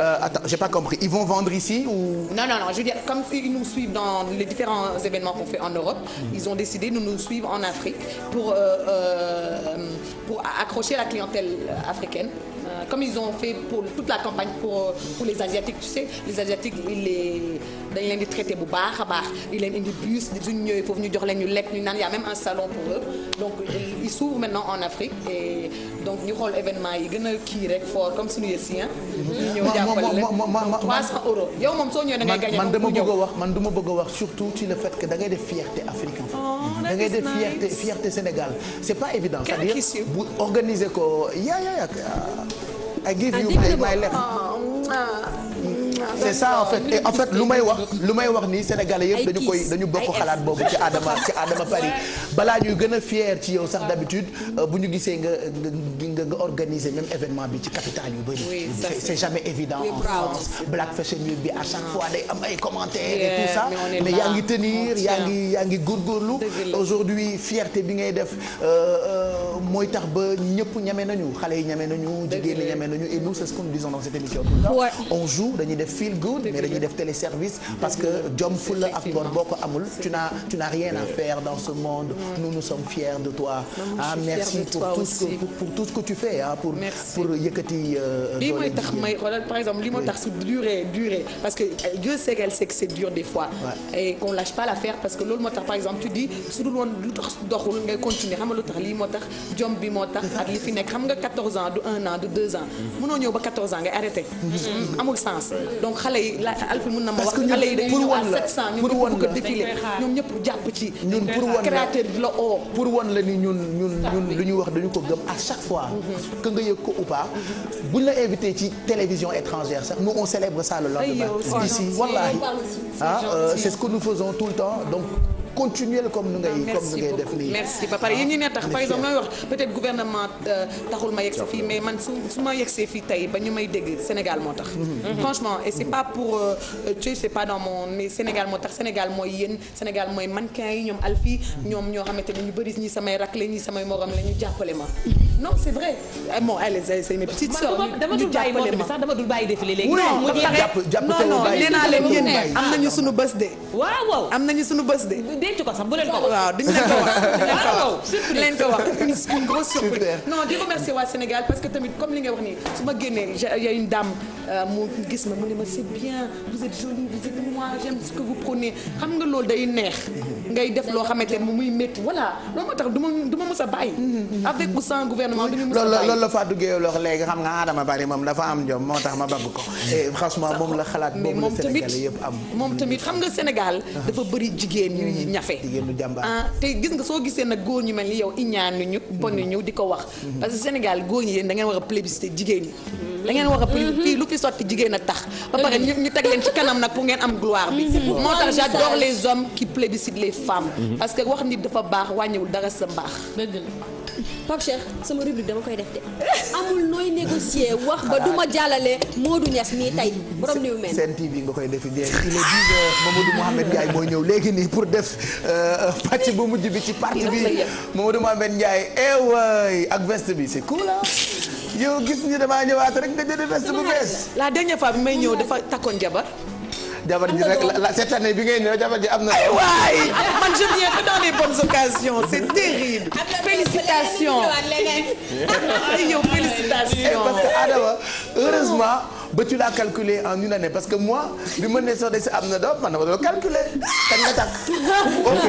Euh, attends, j'ai pas compris. Ils vont vendre ici ou Non non non, je veux dire comme ils nous suivent dans les différents événements qu'on fait en Europe, mmh. ils ont décidé de nous suivre en Afrique pour euh, euh, pour accrocher la clientèle africaine. Euh, comme ils ont fait pour toute la campagne pour pour les Asiatiques, tu sais, les Asiatiques les dañ leen di traité bu baax a baax di leen indi bus di suñ ñëwee foofu ñu jox leen ñu lekk ñu naan y a même un salon pour eux donc ils s'ouvrent maintenant en Afrique et donc ñu xool événement yi gën a kii rek fort comme suñu yësi ah. Mhm. ñu ñëw jàppale leen donc 300 euros. yow moom soo man dama bëgg a wax man dama bëgg wax surtout ci le fait que da ngay def fierté africaine. Oh, da ngay def fierté fierté Sénégal c'est pas évident. c'est-à-dire bu organiser ko yaa yaa yaa I give you my left. Oh, c'est ça en fait et en fait lu may wax lu may wax nii sénégalais yëpp dañu koy dañu bokk xalaat boobu ci Adama ci Adama Paris balaa ñuy gën a fier ci yow sax d'habitude euh, bu ñu gisee nga nga nga organiser même événement bi ci capitale yu bëri c'est jamais évident en France Black Fashion Week bi à chaque ah. fois day am ay commentaires et tout ça mais yaa ngi tenir yaa ngi yaa ngi góorgóorlu aujourd'hui fierté bi ngay def euh, euh, mooy tax ba ñëpp ñeme nañu xale yi ñeme nañu jigéen ñi ñeme nañu et nous c'est feel good def téléservice parce que jom fula ak ngor boo ko tu n'as rien à faire dans ce monde nous nous sommes fiers de toi ah, merci pour tout ce que pour tout ce tu fais ah, pour pour yëkkati euh, lii par su duré parce que euh, Dieu sait que c'est dur des fois et qu'on lâche pas l'affaire parce que loolu moo tax par exemple tu dis su dul woon lu tax nga lu tax lii moo tax jom bi moo tax ak li fi nekk xam nga 14 ans du 1 an du ans mënoo mm. ñëw ba ans ngay arrêté mm-hmm. sens donc xale yi la Alfi mën na ma wax xale yi dañuy ñëw à 700 ñoom ñëpp ko défilé ñoom ñëpp jàpp ci ñun pour won créateur bi la oo pour won la ni ñun ñun ñun lu ñu wax dañu ko gëm à mm-hmm. chaque fois mm-hmm. que nga yëg ko ou pas mm-hmm. buñ la invité ci télévision étrangère sax nous on célèbre ça le lendemain oh, ici wallahi ah euh, c'est ce que nous faisons tout le temps donc continuer comme nu ngay comme nu ngay def nii merci ba pare yéen ñi tax par mooy wax peut gouvernement euh, taxul ma yegsi fii mais man su su ma yegsee fii tey ba ñu may dégg Sénégal moo tax mhm. Mhm. franchement et c'est pas pour euh, euh, tu sais dans moo tax Sénégal mooy yéen Sénégal mooy mannequin yi ñoom Alfi mhm. ñoom ñoo xamante ne ñu bëri ñi samay rak la samay morom la ñu jàppale ma non c'est vrai ah, bon allez c'est mes petites sœurs ñu jàppale ma dama dul bàyyi défilé léegi non non nee naa leen am nañu suñu suñu bës denc ko sax bu leen ko wax. waaw duñ leen ko wax duñ leen ko wax une grosse surprise. non di remercier waa Sénégal parce que tamit comme li nga wax nii su ma génnee y a une dame euh, mu gis ma mu ne ma c'est bien vous êtes jolie vous êtes moi j'aime ce que vous prenez xam nga loolu day neex. ngay def loo xamante ne muy métti voilà loolu moo tax du ma du ma mës a bàyyi. Mm-hmm. avec ou sans gouvernement du ñu mës a bàyyi. loolu la Fatou Gueye wax léegi xam nga Adama Barry moom dafa am jom moo tax ma bëgg ko. franchement mm-hmm. eh, moom la xalaat boobu la Sénégalais yëpp am. moom tamit xam nga Sénégal. Ah. dafa bëri jigéen ñuy mm-hmm. ñafe. jigéenu jàmbaar ah te gis nga soo gisee nag góor ñu mel ni yow iñaanu ñu bon ñu di ko wax. parce que Sénégal góor ñi yéen da ngeen war a plébiscité jigéen ñi da ngeen war a fii lu fi sotti jigéen ak tax. ba pare ñu teg leen ci kanam nag pour ngeen am gloire bi. moo tax j'adore les hommes qui plébiscitent les femme. Mhm. parce que wax nit dafa baax wàññiwul dara sa mbaax. dëgg la sama rubrique dama koy def de amul nooy négocier wax ba duma jàllale Modou Niass mii tey borom new men seen TV nga koy def mooy ñëw léegi nii pour def euh, pàcc bu mujj bi ci parti bi Mamadou Mouhamed Ndiaye eh waay ak veste bi c'est cool yow gis ni damaa ñëwaat rek nga jënd veste bu bees. la dernière fois bi may ñëw dafa takkoon jabar. jabar ji rek la cette année bi ngay ñëw jabar ji am na. ay waay ah, man je viens que dans les bonnes occasions c'est terrible. félicitations yow félicitations. Eh, parce que Adama heureusement. ba tu l'as calculé en une année parce que moi bi ma nee sax de si am na doom man dama doon calculer kañ nga takk ok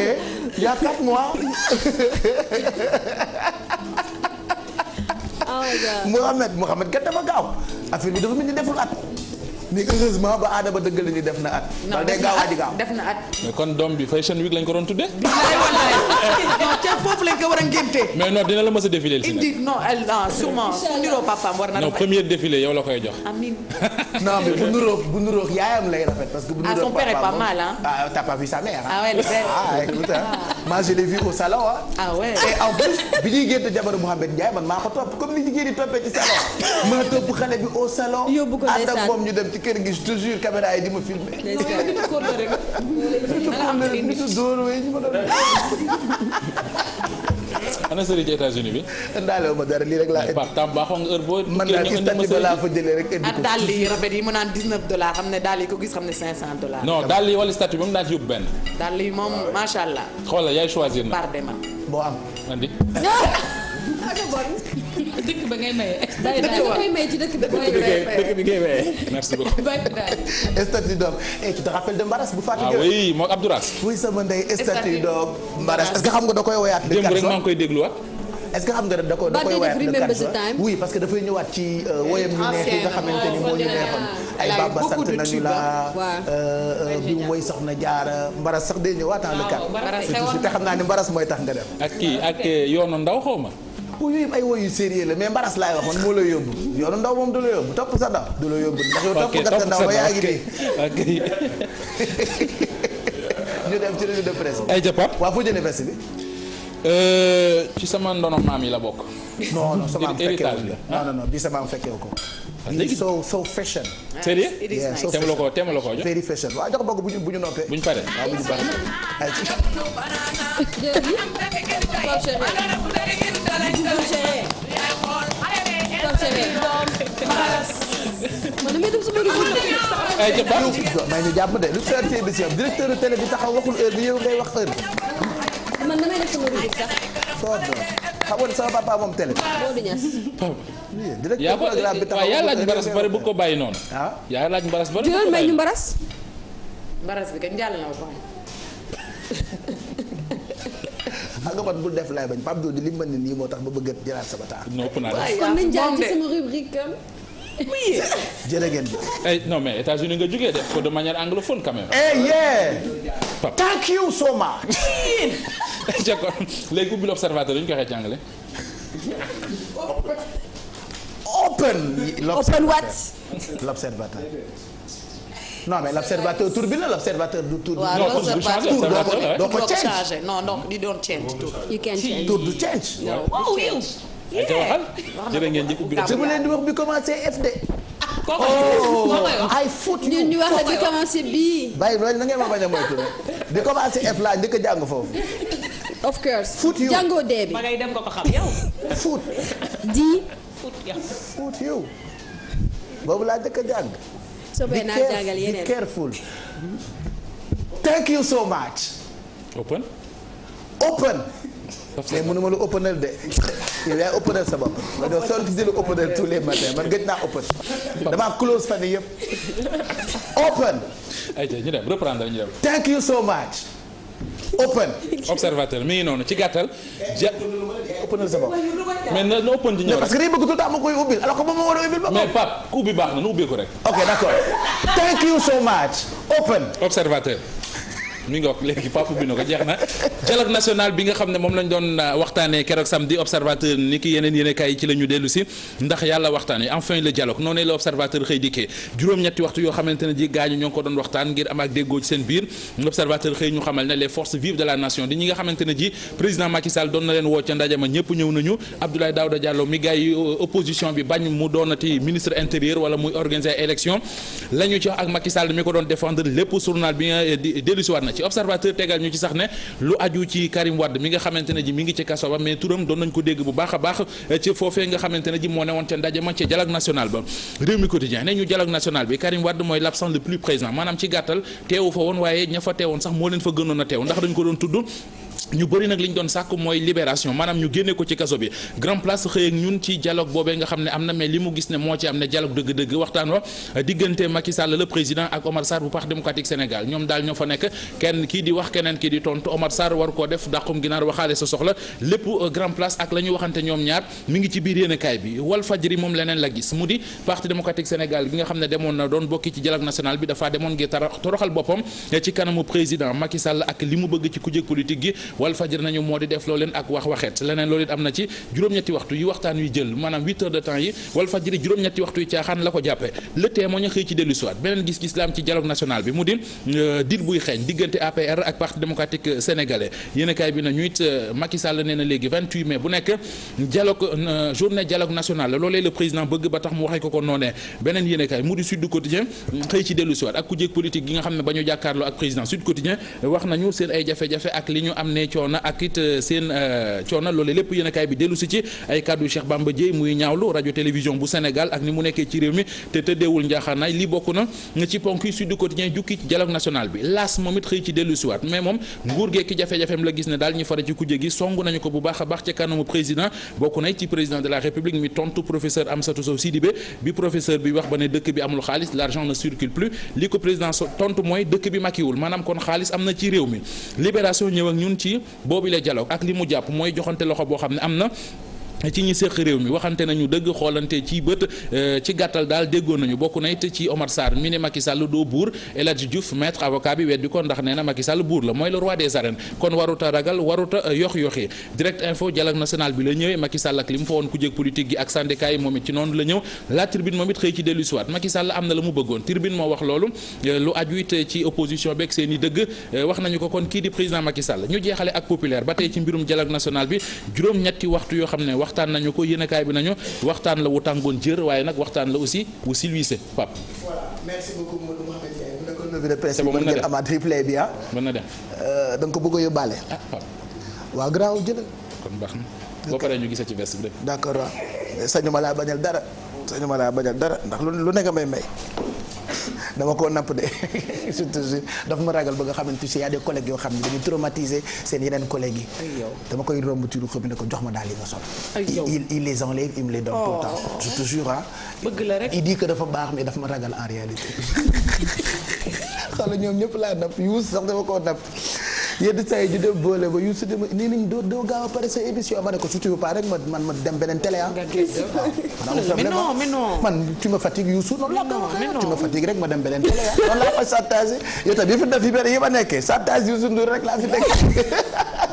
il y a quatre mois. Oh Mohamed Mohamed kat dama gaaw affaire bi dafa mel ni deful at. ni heureusement ba aada ba dëgg la ni def na at. non def na at def na at. mais kon doom bi fashion week lañ ko doon tuddee. bilaay walaay non ca a dina la mës a défilé si nag. non niroo papaam war na. non premier yow la koy jox. amiin. bu niroo bu niroo yaayam lay rafet parce que bu niroo papaam ah ah t'as pas sa mère. ah ouais ah, ah. Ah bi ñuy génte jabaru Mouhamed Ndiaye man maa ko topp comme ni jigéen toppee ci salon maa topp xale bi au salon. yóbbu ko ndeysaan ànd moom ñu dem ci kër gis toujours caméra yi di ma filmé. ana sëriñ ci États-Unis bi. ndaalewu ma dara lii rek laa indi. Pape man daal ci tànn ba laa rek indi ko. ak dàll yi rafet yi mu naan 19 dollars xam ne dàll yi ko gis xam ne 500 dollars. non dàll yi wala statut bi moom naa ci yóbbu benn. dàll moom macha allah. xoolal yaay choisir na. par dema boo am. andi. Ah, dëkk ba ngay maye. ci dëkk bi dëkk bi ngay eh, Mbaras bu Fatou Gueye. ah oui moom Abdouras. oui sama ndey statut d'homme Mbaras est xam nga da koy woyaat. dëgg rek maa ngi koy dégluwaat. est que xam nga da da koy woyaat de parce que dafay ñëwaat ci euh, woyam neex yi nga xamante ni moo ñu ay baba nañu la bi mu woy soxna jaara mbaras sax day ñëwaat dans le te xam naa ne mbaras mooy tax nga dem ak kii ak euh, yoonu ndaw xaw ma pour yooyu yëpp ay woy yu sérieux la mais mbaras laay waxoon moo lay yóbbu yoonu ndaw moom du la yóbbu topp sa ndaw du la yóbbu ndax yow topp nga sa ndaw ba yaa ngi dee ñu dem ci revue de presse bi. ay jàpp waa foo jëlee veste bi. Euh, ci sama ndono maam yi la bokk. non non sama am fekkeewul la non non bi sama am fekkeewu ko. Ah, léegi so so fashion. Ah, sérieux teem la ko teem la ko jox very fashion waaw jox bokk bu ñu bu ñu noppee. bu ñu paree waaw bu ñu paree. ay ci ba. maa ngi jàpp de lu seet ci émission directeur télé bi taxaw waxul heure bi yow ngay wax heure bi. man damay def sama rubrique sax. soo doon xamoon sama papa moom télé. Modou Niass. Oh. directeur programme bi taxaw yaa laaj mbaras bari bu ko bàyyi noonu. ah yaa laaj mbaras bari. bu ko may ñu mbaras. mbaras bi kat jàll na ko. xam nga man bul def laay bañ Pape Dodi li mu mën nii moo tax ba bëgg a jëlaat sama taar. nopp naa def kon nañ jaar ci sama rubrique am. oui. jërë ngeen jëf. ay eh, non mais États-Unis nga jógee def ko de manière anglophone quand même. eh yeah. thank you so much. d'accord léegi ubbi l'observateur ñu ko waxee ci anglais. open. open what. l'observateur. non mais l'observateur tur bi la l'observateur du tur. waaw l'observateur doo ko changé non donc di doon change tur. you can change tur du change. waaw yow. Oh, jërë ngeen jëf ubbi l'observateur. leen di wax bi commencé FD. ay ah, oh, foot ñun ñu wax la di commencé bii. bàyyi loolu na ngeen ma bañ a moytu di commencé F laa njëkk a jàng foofu. of course. fuut yow dee bi. ma ngay dem nga ko xam yow. fuut. di. fuut yow. boobu laa njëkk a jàng. soobee naa jàngal yeneen be careful thank you so much. open. open. mais mënuma lu openal de yow yaay openal sa ma doon sonn si lu openal tous les matins man gëj naa open damaa close fan yii open. thank you so much. open. observateur mi ngi noonu ci gàttal. ja openal sa bopp. mais na na open di ñëw rek. parce que day bëgg tout le temps ma koy ubbil alors war a ubbil ba. mais baax na nu ubbi ok d'accord thank you so much open. mi ngi wax léegi papa bi na ko jeex na dialogue national bi nga xam ne moom lañ doon euh, waxtaanee keroog samedi observateur ni ki yeneen yéen ci la ñu dellu si ndax yàlla waxtaanee enfin le dialogue noonu la observateur xëy dikkee juróom-ñetti waxtu yoo xamante ne ji gaañu ñoo ngi ko doon waxtaan am ak xamal ne les forces vives de la nation di ñi nga xamante ne ji président Macky doon na leen woo ndaje ma ñëpp ñëw nañu Abdoulaye Daouda Diallo mi gars yi euh, opposition bi bañ mu doonati ministre intérieur wala muy organiser la ñu ci wax ak Macky Sall mi ko doon défendre lépp journal bi euh, dellusi waat na ci observateur tegal ñu ci sax ne lu aju ci Karim Wade mi nga xamante ne ji mi ngi ci kaso ba mais turam doon nañ ko dégg bu baax a baax eh, ci foofee nga xamante ne ji moo newoon ca ndaje ma ca dialogue national ba réew mi quotidien ne ñu dialogue national bi Karim Wade mooy l'absent le plus présent maanaam ci gàttal teewu fa woon waaye ña fa teewoon sax moo leen fa gënoon a teew ndax dañ ko doon tudd ñu bëri nag li ñu doon sàkk mooy libération maanaam ñu génne ko ci kaso bi grand place xëy ak ñun ci dialogue boobee nga xam ne am na mais li mu gis ne moo ci am ne dialogue dëgg-dëgg waxtaan wa diggante Macky Sall le président ak Omar Sarr bu Parti démocratique ñoom daal ñoo fa nekk kenn kii di keneen kii di tontu Omar Sarr war koo def dàqum ginaar waxaale sa soxla lépp euh, grand place ak la ñu waxante ñoom ñaar mi ngi ci biir yéenekaay bi Walf Fadjri moom leneen la gis mu di Parti démocratique Sénégal bi nga xam ne demoon na doon bokki ci dialogue national bi dafa demoon ngir toroxal boppam ci kanamu président Macky Sall ak li mu bëgg ci kujje politique gi wal fajir nañu moo di def loo ak wax waxeet leneen loolu am na ci juróom-ñetti waxtu yi waxtaan wi jël maanaam huit heures de temps yi wal fajiri juróom-ñetti waxtu yi caaxaan la ko jàppe euh, euh, euh, bu nekk journée dialogue nationale la président bëgg ba tax mu waxee ko ko noonee beneen yéenekaay mu di Sud Quotidien xëy ci dellu soit ak ku jéeg gi nga xam ne ba jàkkaarloo ak président Sud Quotidien wax nañu seen ay jafe-jafe ak li ñu coono ak it euh, seen euh, coono loolu lépp yéenekaay bi dellu ci ay kàddu Cheikh Bamba Dièye muy ñaawlu rajo télévision bu Sénégal ak ni mu nekkee ci réew mi te tëddeewul njaaxaanaay li bokk na ci ponk yi Sud Quotidien jukki ci dialogue national bi laas moom it xëy ci dellu siwaat mais moom nguur gee jafe-jafeem la gis ne daal ñu fare ci kujje gi song nañu ko bu baax a baax ca kanamu président bokk na ci président de la république mi tontu professeur Amsatou Sow Sidibé bi professeur bi wax ba ne dëkk bi amul xaalis l'argent ne circule plus li ko président tontu mooy kon xaalis am na ci réew boobu la jaloo ak li mu jàpp mooy joxante loxo boo xam ne am na ci ñi séq réew mi waxante nañu dëgg xoolante ci bët euh, ci gàttal daal déggoon nañu bokk na it ci Omar Sarr mi ne Macky Sall doo buur El Hadji Diouf maître avocat bi weddi ko ndax nee na Macky Sall buur la mooy le roi des euh, la ñëwee Macky ak li mu fa woon ku jëg gi ak syndicat yi ci noonu la ñëw la tribune moom xëy ci dellu siwaat Macky am na la mu bëggoon tribune moo wax loolu euh, lu aju ci opposition beeg seen i dëgg wax nañu ko kon kii di président Macky Sall ñu jeexale ak ne waxtaan nañu ko yéenekaay bi nañu waxtaan la wu tàngoon jër waaye nag waxtaan la aussi wu silwiise Pape. voilà merci beaucoup Modou Mouhamed Ndiaye. bu bi ah. mën na dem euh, danga ko bëgg yóbbaale. ah Pape. garaaw jëlal. kon baax na. boo paree ñu gisee ci veste bi rek. d'accord waaw sañu ma laa bañal dara. sañu ma laa bañal dara ndax lu nekk may may. dama koo napp de dafa ma ragal ba nga xamante si y a des collègues yoo xam ne dañuy traumatiser seen yeneen collègues yi. dama koy romb ci lu ne ko jox ma daal li nga sol. il les enlève il me les donne tout le temps oh. je te jure la rek il dit que dafa baax mais dafa ma ragal en réalité. xale ñoom ñëpp laa napp yuus sax dama koo napp. yenn saa yi ñu dem boole ba Youssou dem nii nañ doo gaaw a pare sa émission ma ne ko surtout pas rek ma dem beneen télé ah. man tu me fatigues Youssou noonu laa ko ma dem beneen télé ah noonu laa koy santaase yow tamit fi def yi bëri nekkee santaase Youssou Ndour rek laa fi nekk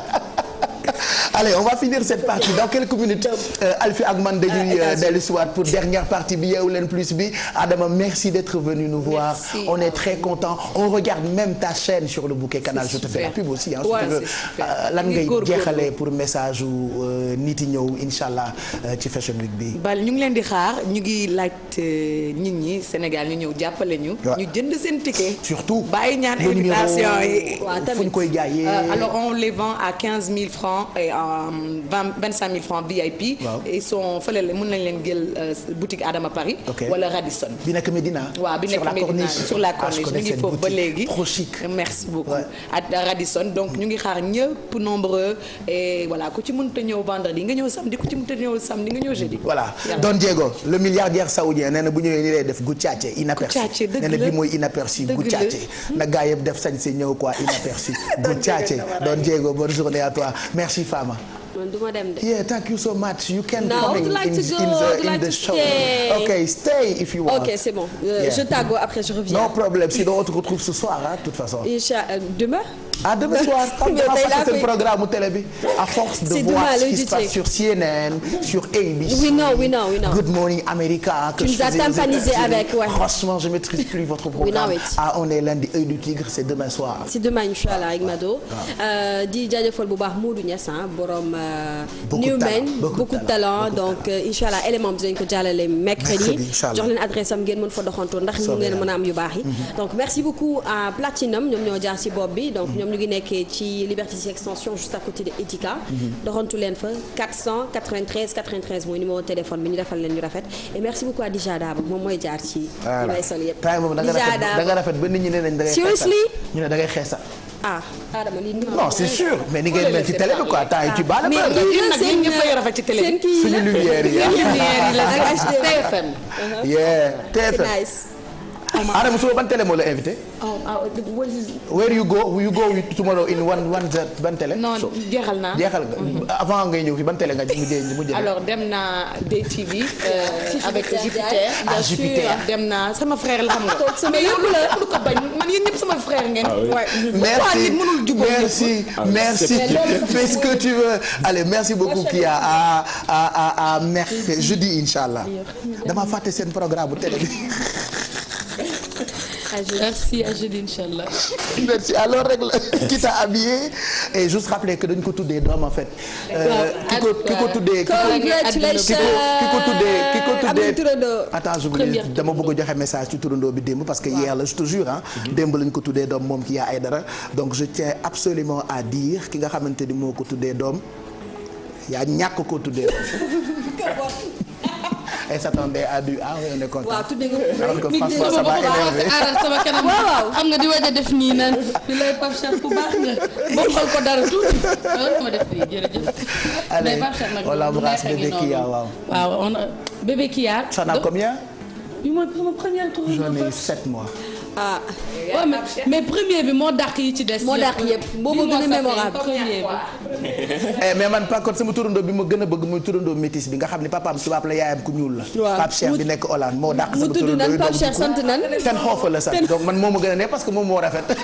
allez on va finir cette partie dans quelques minutes euh, Alfi ak man dañuy ah, euh, dellu si pour dernière partie bi Yeewu Leen Plus bi Adama merci d'être venu nous voir on est très content on regarde même ta chaîne sur le bouquet canal je te fais la pub aussi hein euh, lan ngay jeexalee pour message u nit yi ñëw incha allah ci fashion week bi bal ñu ngi leen di xaar ñu ngi laaj nit ñi Sénégal ñu ñëw jàppale ñu ñu jënd seen ticket surtout bàyyi ñaan invitation yi waaw tamit fu vingt vingt cinq mille francs VIP. waaw ils sont fële nañ leen jël euh, boutique Adama Paris. wala Radisson. bi nekk Medina. waaw bi nekk Medina sur la ah, corniche ñu ngi foofu ba léegi. trop merci beaucoup. Euh, Radisson donc ñu ngi xaar ñëpp nombreux et voilà ku ci mënut a ñëw vendredi nga ñëw samedi ku ci mënut a ñëw samedi nga ñëw jeudi. voilà Don Diego le milliardaire saoudien nee bu ñëwee nii lay def guccaace inaperçu. guccaace dëgg la nee bi mooy inaperçu guccaace. na gaa yëpp man duma dem de. yeah thank you so much. you can no, coming like in, in the, in like the show. Stay. ok stay if you want. ok c'est bon euh, yeah. je tàggoo après je reviens. non problème sinon on te retrouve ce soir hein de toute façon. incha euh, demain. à demain soir comme dama fàtte seen programme mu télé bi à force de voir ce qui se passe sur CNN sur ABC. oui non oui non oui non Good Morning America. que tu nous as tympanisé avec ouais. franchement je maîtrise plus votre programme. ah on est lundi œil du tigre c'est demain soir. c'est demain inchallah ak Mado. Ah. Euh, di jaajëfal bu baax Moodu Niass borom. Euh, beaucoup de talent beaucoup de talent donc euh, inchallah élément bi dinañ ko jàllale mercredi. jox leen adresse am ngeen mën fa doxantoo ndax ñu ngeen mën a am yu baax yi. Mm-hmm. donc merci beaucoup à Platinum ñoom ñoo jaar ci bopp bi donc ñoom ñu ngi nekkee ci Liberté 6 extension juste à côté de Etika. Mhm. doxantu leen fa 493 93 mooy numéro téléphone bi ñu defal leen ñu rafet et merci beaucoup à Dija Daba moom mooy jaar ci. voilà li may sol yëpp Dija Daba da nga rafet ba nit ñi nee nañ da ngay. seriously ñu ne da ngay xeesa. ah Adama lii non c'est sûr mais ni ngay mel ci télé bi quoi TFM. TFM. Adama suba ban télé moo la invité. Oh, ah, where you go you go tomorrow in one one ban télé. non jeexal naa jeexal nga. Mhm. avant ngay ñëw fi ban télé nga mujjee mujjee. alors dem naa DTV. Euh, avec ah, Jupiter. dem naa sama frère la xam nga. Ah, mais yow la lu ko bañ man yéen sama frère ngeen. merci merci merci fais ce que tu merci beaucoup kii à à à à mercredi jeudi dama fàtte seen programme bu télé bi. merci Angéline Inch'Allah. merci alors rek la ki t'a habillé juste rappeler que dañ ko tuddee doom en fait. Euh, ki ko ki ko tuddee. congratulations ki ko tuddee ki ko tuddee. attends j'oublie dama bëgg joxe message ci turandoo bi démb parce que hier la je te jure mhm. démb lañ ko tuddee doom moom ki yaa ay dara donc je tiens absolument à dire ki nga xamante ni moo ko tuddee doom yaa ñàkk koo tuddee doom. elle s'attendait à du ah oui on est content. waaw tuddee nga alors que franchement ça va énerver sama kanam. waaw xam nga di waaj a def nii naan di lay Pape Cheikh ku baax nga bokkal ko dara tuuti ma def nii jërëjëf. allez on l'embrasse bébé Kia waaw. waaw on a bébé Kia. ça n'a combien. bii mooy sama première tournée. j'en ai sept mois. ah waaw mais premier bi moo dàq yi ci des. moo dàq yëpp moo gën a mémorable premier bi. Eh, mais man par sama turandoo bi ma gën a bëgg muy turandoo métis bi nga xam ne papaam tubaab la yaayam ku ñuul la. waaw Pape bi nekk Hollande moo dàq. sama turandoo yi mu tudd nan Pape Cheikh sant nan. ten xoofa la sant donc man moo ma gën a ne parce que moom moo rafet.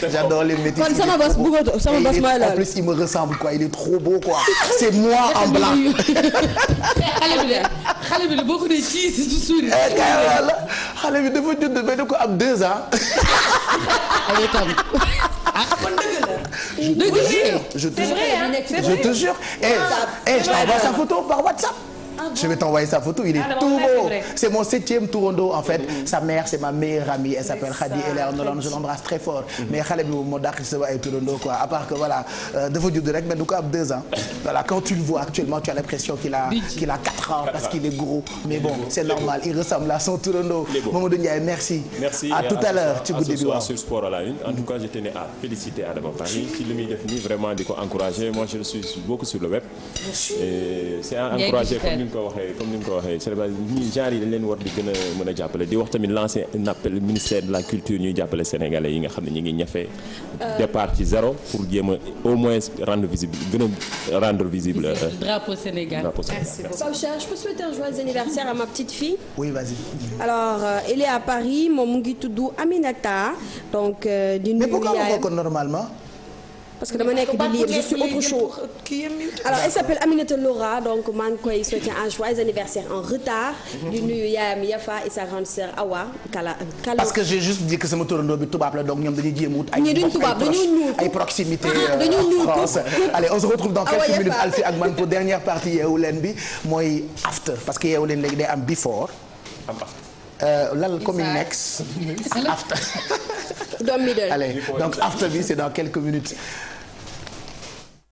j'adore les métis. kon sama bos bëggatoo sama bos en plus il me ressemble quoi il est trop beau quoi. c'est moi en blanc. xale bi de xale bi de boo ko dee ci si suuri. Eh, xale bi dafa judd ba da ko am de ans. allez tam. Ah, je te jure je te jure je te jure. eh ah, eh je t'envoie sa photo par WhatsApp. ah je vais t'envoyer sa photo il est ah, en fait mm-hmm. sa mère c'est ma meilleure amie elle s'appelle Khady Eleanor Nolan je l'embrasse très fort mm-hmm. mais xale bi moom moo dàq ci mais du ko deux ans quand tu le vois actuellement tu as l'impression qu'il qu'il a quatre ans parce qu'il est gros mais bon c'est normal il ressemble à son tourando Mamadou Ndiaye merci merci à tout à l'heure ci guddi bi waaw sur sport à la une en tout cas je tenais à féliciter nga ko waxee comme ni nga ko waxee célébration ñi genre leen war di gën a mën a jàppale di wax tamit lancer un appel ministère de la culture ñuy jàppale sénégalais yi nga xam ne ñu ngi ñafe euh, départ ci zéro pour jéem a au moins rendre visible gën rendre euh, visible. drapeau Sénégal drapeau Sénégal. Pape Cheikh je peux souhaiter un joyeux anniversaire à ma petite fille. oui euh, est à Paris moom mu ngi tudd Aminata donc. di nuyu yaayam mais pourquoi on normalement. parce que dama nekk di lire je autre chose alors elle donc maa ngi koy souhaiter un joyeux anniversaire en retard. di nuyu yaayam Yafa et sa grande sœur Awa Kala Kala. parce que j'ai juste dit que sama turandoo bi tubaab la donc ñoom dañuy jéem a wut. ay proximité ah, en euh, on se retrouve dans quelques minutes Alfie ak man pour dernière partie yeewu leen bi mooy after parce que yeewu leen léegi day am before lal coming next after. doom mi donc after bi c'est dans quelques minutes.